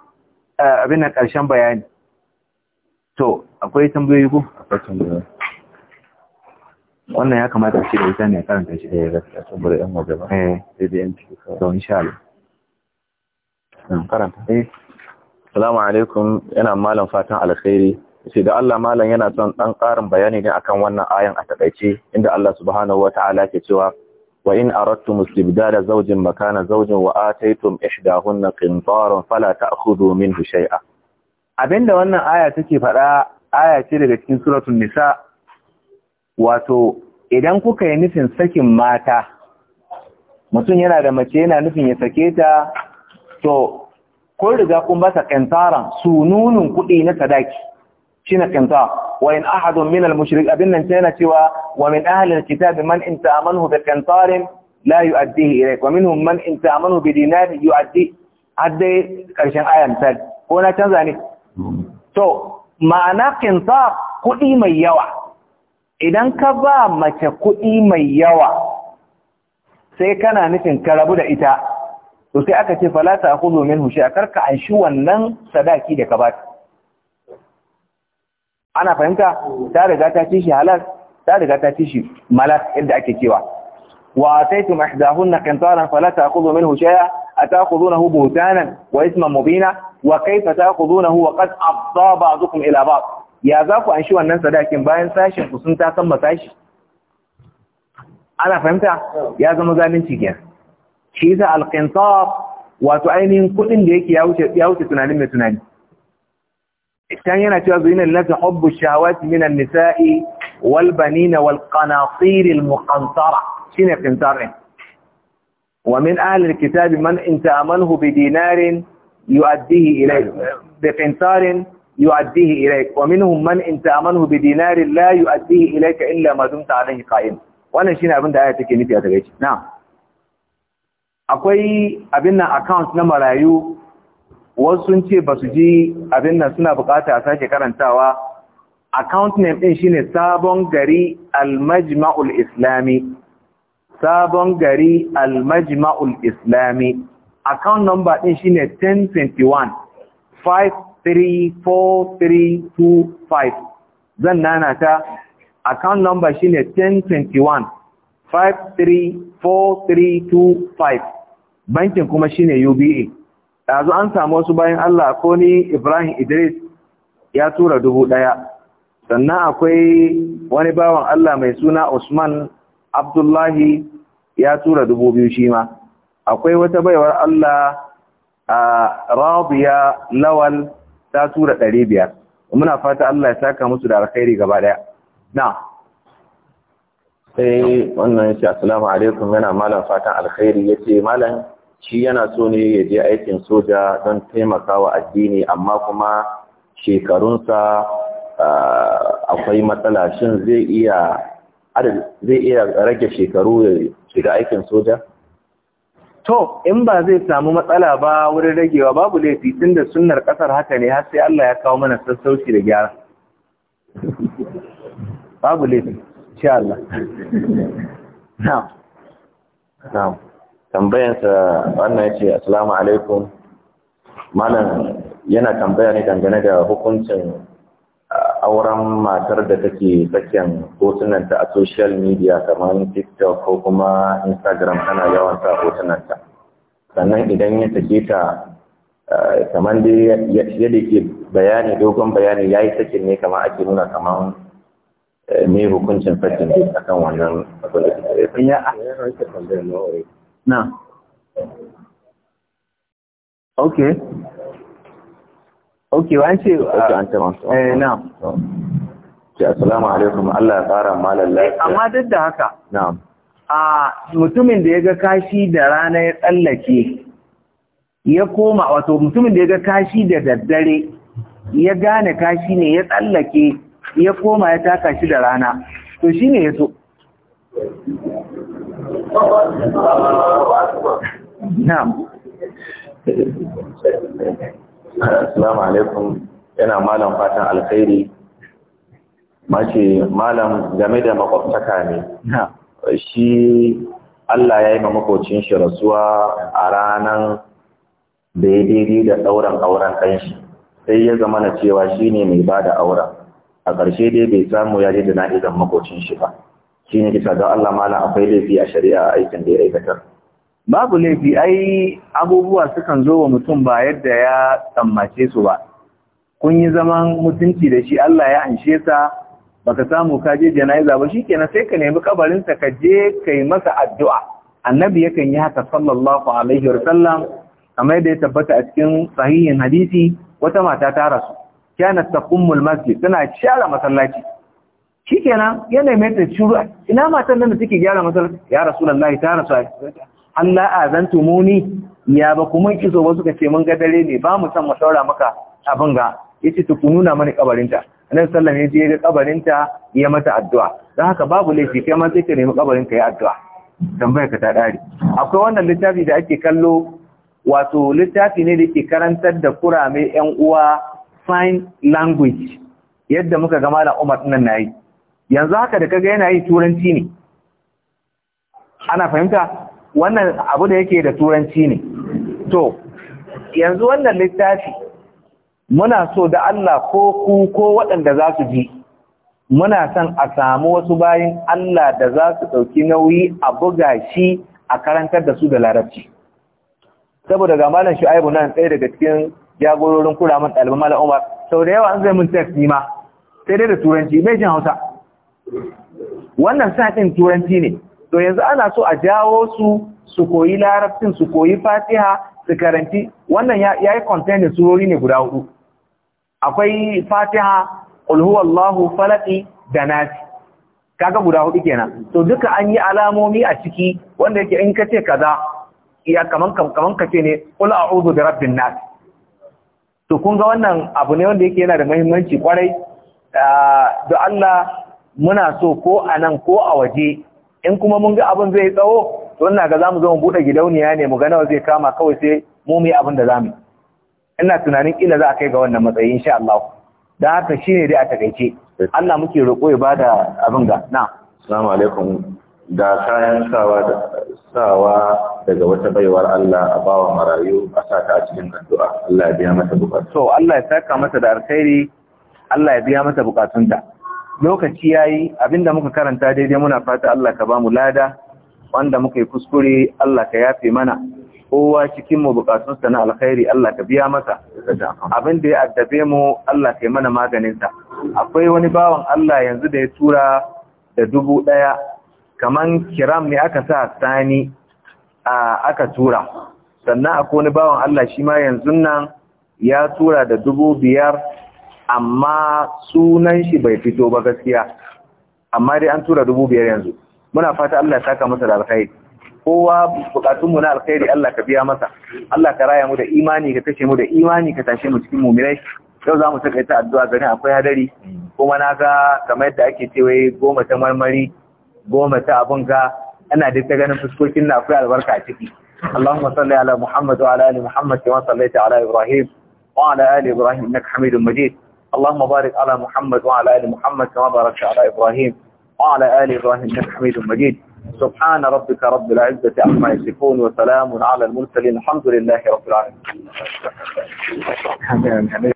eh, abin nan ƙarshen bayani to akwai tambayoyi ko akwai tambayoyi wannan ya kamata shi da ita ne karanta shi da eh, ya gaskiya saboda yan waje ba eh sai da yan ciki to insha Allah hmm, karanta eh assalamu alaikum yana malam fatan alkhairi sai da Allah malam yana son dan karin bayani ne akan wannan ayan a takaice inda Allah subhanahu wataala ke cewa wa in aradtum istibdala zawjin makana zawjin wa ataytum ihdahunna qintaran fala ta'khudhu minhu shay'a abinda wannan aya take fada aya ce daga cikin suratul nisa wato idan kuka yi nufin sakin mata mutum yana da mace yana nufin ya sake ta to kun riga kun ba masa kantaran sununun kuɗi na sadaki na kanta wa in ahadun min al-mushrik abin nan yana cewa wa min ahli al-kitab man in ta'amanu bi qintarin la yu'addihi ilayk wa minhum man in ta'amanu bi dinar yu'addi adda karshen ayan ta ko na canza ne mm. to ma'ana kanta kuɗi mai yawa idan ka ba mace kuɗi mai yawa sai kana nufin ka rabu da ita to sai aka ce falata a kuzo min hushe a karka an shi wannan sadaki da ka ba ana fahimta ta riga ta ci shi halas ta riga ta ci shi malas yadda ake cewa wa taitum ihdahunna kantaran falata akhudhu minhu shay'a atakhudhunahu buhtanan wa isman mubina wa kayfa ta'khudhunahu wa qad afdha ba'dukum ila ba'd ya za ku an shi wannan sadakin bayan sashin ku sun tasan sashi ana fahimta ya zama zalunci kenan shi za al-qintar wato ainihin kudin da yake ya wuce ya wuce tunanin mai tunani kan yana cewa zuyina lillahi hubbu shahawati min an-nisa'i wal banina wal qanatir al-muqantara shine qintar ne wa min ahli al-kitab man in ta'amanhu bi dinarin yu'addihi ilayhi bi qintarin يؤديه إليك wa من إن تأمنه بدينار لا يؤديه إليك إلا ما illa عليه قائم wannan shine abin da aya take nufi a takeici na'am akwai abin nan account na marayu wasu sun ce ba su ji abin nan suna bukata a sake karantawa account name din shine sabon gari al-majma'ul islami sabon gari al-majma'ul islami account number din shine 1021 5 34325 zan nana ta account number shine 1021 534325 bankin kuma shine UBA dazu an samu wasu bayan Allah ko ni Ibrahim Idris ya tura dubu ɗaya. sannan akwai wani bawan Allah mai suna Usman Abdullahi ya tura dubu biyu shi ma akwai wata baiwar Allah a Rabiya Lawal ta tura ɗari biyar muna fata Allah ya saka musu da alkhairi gaba ɗaya na sai wannan ya ce assalamu alaikum yana malam fatan alkhairi ya ce malam shi yana so ne ya je aikin soja don taimakawa addini amma kuma shekarunsa akwai matsala shin zai iya rage shekaru ya shiga aikin soja to in ba zai samu matsala ba wurin ragewa babu laifi tun da sunnar kasar haka ne har sai Allah ya kawo mana sassauci da gyara babu laifi insha Allah na'am na'am tambayansa wannan ce assalamu alaikum malam yana tambaya ne dangane da hukuncin auren matar da take saken hotunanta a social media kamar tiktok ko kuma instagram tana yawan sa hotunanta sannan idan ya take ta eh, kamar da ke bayani dogon bayani ya yi sakin ne kamar ake nuna kamar eh, me hukuncin sakin a kan wannan abin da na okay ok wa an ce an tama su eh na alaikum Allah ya tsara malam lafiya eh, amma duk da haka na'am a mutumin da ya ga kashi da rana ya tsallake ya koma wato mutumin da ya ga kashi da daddare ya gane kashi ne ya tsallake ya koma ya taka shi da rana to shi ne ya so na'am assalamu alaikum yana malam fatan alkhairi mace malam game da makwabtaka ne shi Allah ya yi ma makocin shi rasuwa a ranar da ya daidai da ɗauran auren ɗanshi sai ya zama na cewa shi ne mai ba da auren a ƙarshe dai bai samu ya je da na'izan makocin shi ba shi ne kisa don Allah malam akwai laifi a shari'a aikin da ya aikatar babu laifi ai abubuwa sukan zo wa mutum ba yadda ya tsammace su ba kun yi zaman mutunci da shi Allah ya anshe sa baka samu ka je jana'iza ba shikenan sai ka nemi kabarin sa ka je kai masa addu'a annabi yakan yi haka sallallahu alaihi wa sallam kamar da ya tabbata a cikin sahihin hadisi wata mata ta rasu kanat Kumul masjid tana share masallaci shikenan yana mai ta shuru'a, ina matan nan da take gyara masallaci ya rasulullahi ta rasu Allah azantu muni ya ba kuma kiso ba suka ce mun ga dare ne ba mu san mu saura maka abin ga yace to ku nuna mani kabarinta annabi sallallahu alaihi wasallam ya ga kabarinta ya mata addu'a dan haka babu laifi kai ma sai ka nemi kabarinka ya addu'a bai ka ta dare akwai wannan littafi da ake kallo wato littafi ne da ke karantar da kurame 'yan uwa sign language yadda muka ga malam Umar nan nayi yanzu haka da kaga yana yi turanci ne ana fahimta wannan abu da yake da turanci ne to yanzu wannan littafi muna so da Allah ko ku ko waɗanda za su ji muna son a samu wasu bayan Allah da za su ɗauki nauyi a buga shi a karantar da su da larabci saboda ga malam shu'aibu nan ɗaya daga cikin jagororin kuramin ɗalibin malam umar sau da yawa an zai mun text ma sai dai da turanci mai jin hausa wannan sa'in turanci ne to yanzu ana so a jawo su su koyi larabcin su koyi fatiha su karanti wannan ya yi containing surori ne guda hudu akwai fatiha ulhuwallahu falaki da nasi kaga guda hudu kenan to duka an yi alamomi a ciki wanda yake in ka ce kaza iya kaman kaman ka ce ne qul a'udhu bi rabbin nas to kun ga wannan abu ne wanda yake yana da mahimmanci kwarai ah, da Allah muna so ko a nan ko a waje in kuma mun ga abin zai tsawo to ina ga zamu zo mu bude gidauniya ne mu ga nawa zai kama kawai sai mu mu abin da zamu ina tunanin kila za a kai ga wannan matsayi insha Allah dan haka shine dai a takeice Allah muke roƙo ya bada abin ga na assalamu alaikum da kayan sawa sawa daga wata baiwar Allah a bawa marayu a sa a cikin addu'a Allah ya biya mata bukatu to Allah ya saka mata da alkhairi Allah ya biya mata bukatunta lokaci ya yayi abinda muka karanta daidai muna fata Allah ka bamu lada wanda muka yi kuskure Allah ka yafe mana kowa cikin mu bukatunsa na alkhairi Allah ka biya masa abin da ya addabe mu Allah ka yi mana maganinsa. akwai wani bawan Allah yanzu da ya tura da dubu daya Kamar kiram ne aka sa sani a aka tura sannan akwai wani bawan Allah shi ma yanzu nan ya tura da dubu biyar amma sunan shi bai fito ba gaskiya amma dai an tura dubu biyar yanzu muna fata Allah ya saka masa da alkhairi kowa mu na alkhairi Allah ka biya masa Allah ka raya mu da imani ka kashe mu da imani ka tashe mu cikin mu'minai yau zamu saka ita addu'a garin akwai hadari kuma na ga kamar yadda ake cewa goma ta marmari goma ta abun ga ana duk ta ganin fuskokin na akwai albarka a ciki اللهم صل على محمد وعلى ال محمد كما صليت على ابراهيم وعلى ال ابراهيم انك حميد مجيد اللهم بارك على محمد وعلى آل محمد كما باركت على إبراهيم وعلى آل إبراهيم إنك حميد مجيد سبحان ربك رب العزة عما يصفون وسلام على المرسلين الحمد لله رب العالمين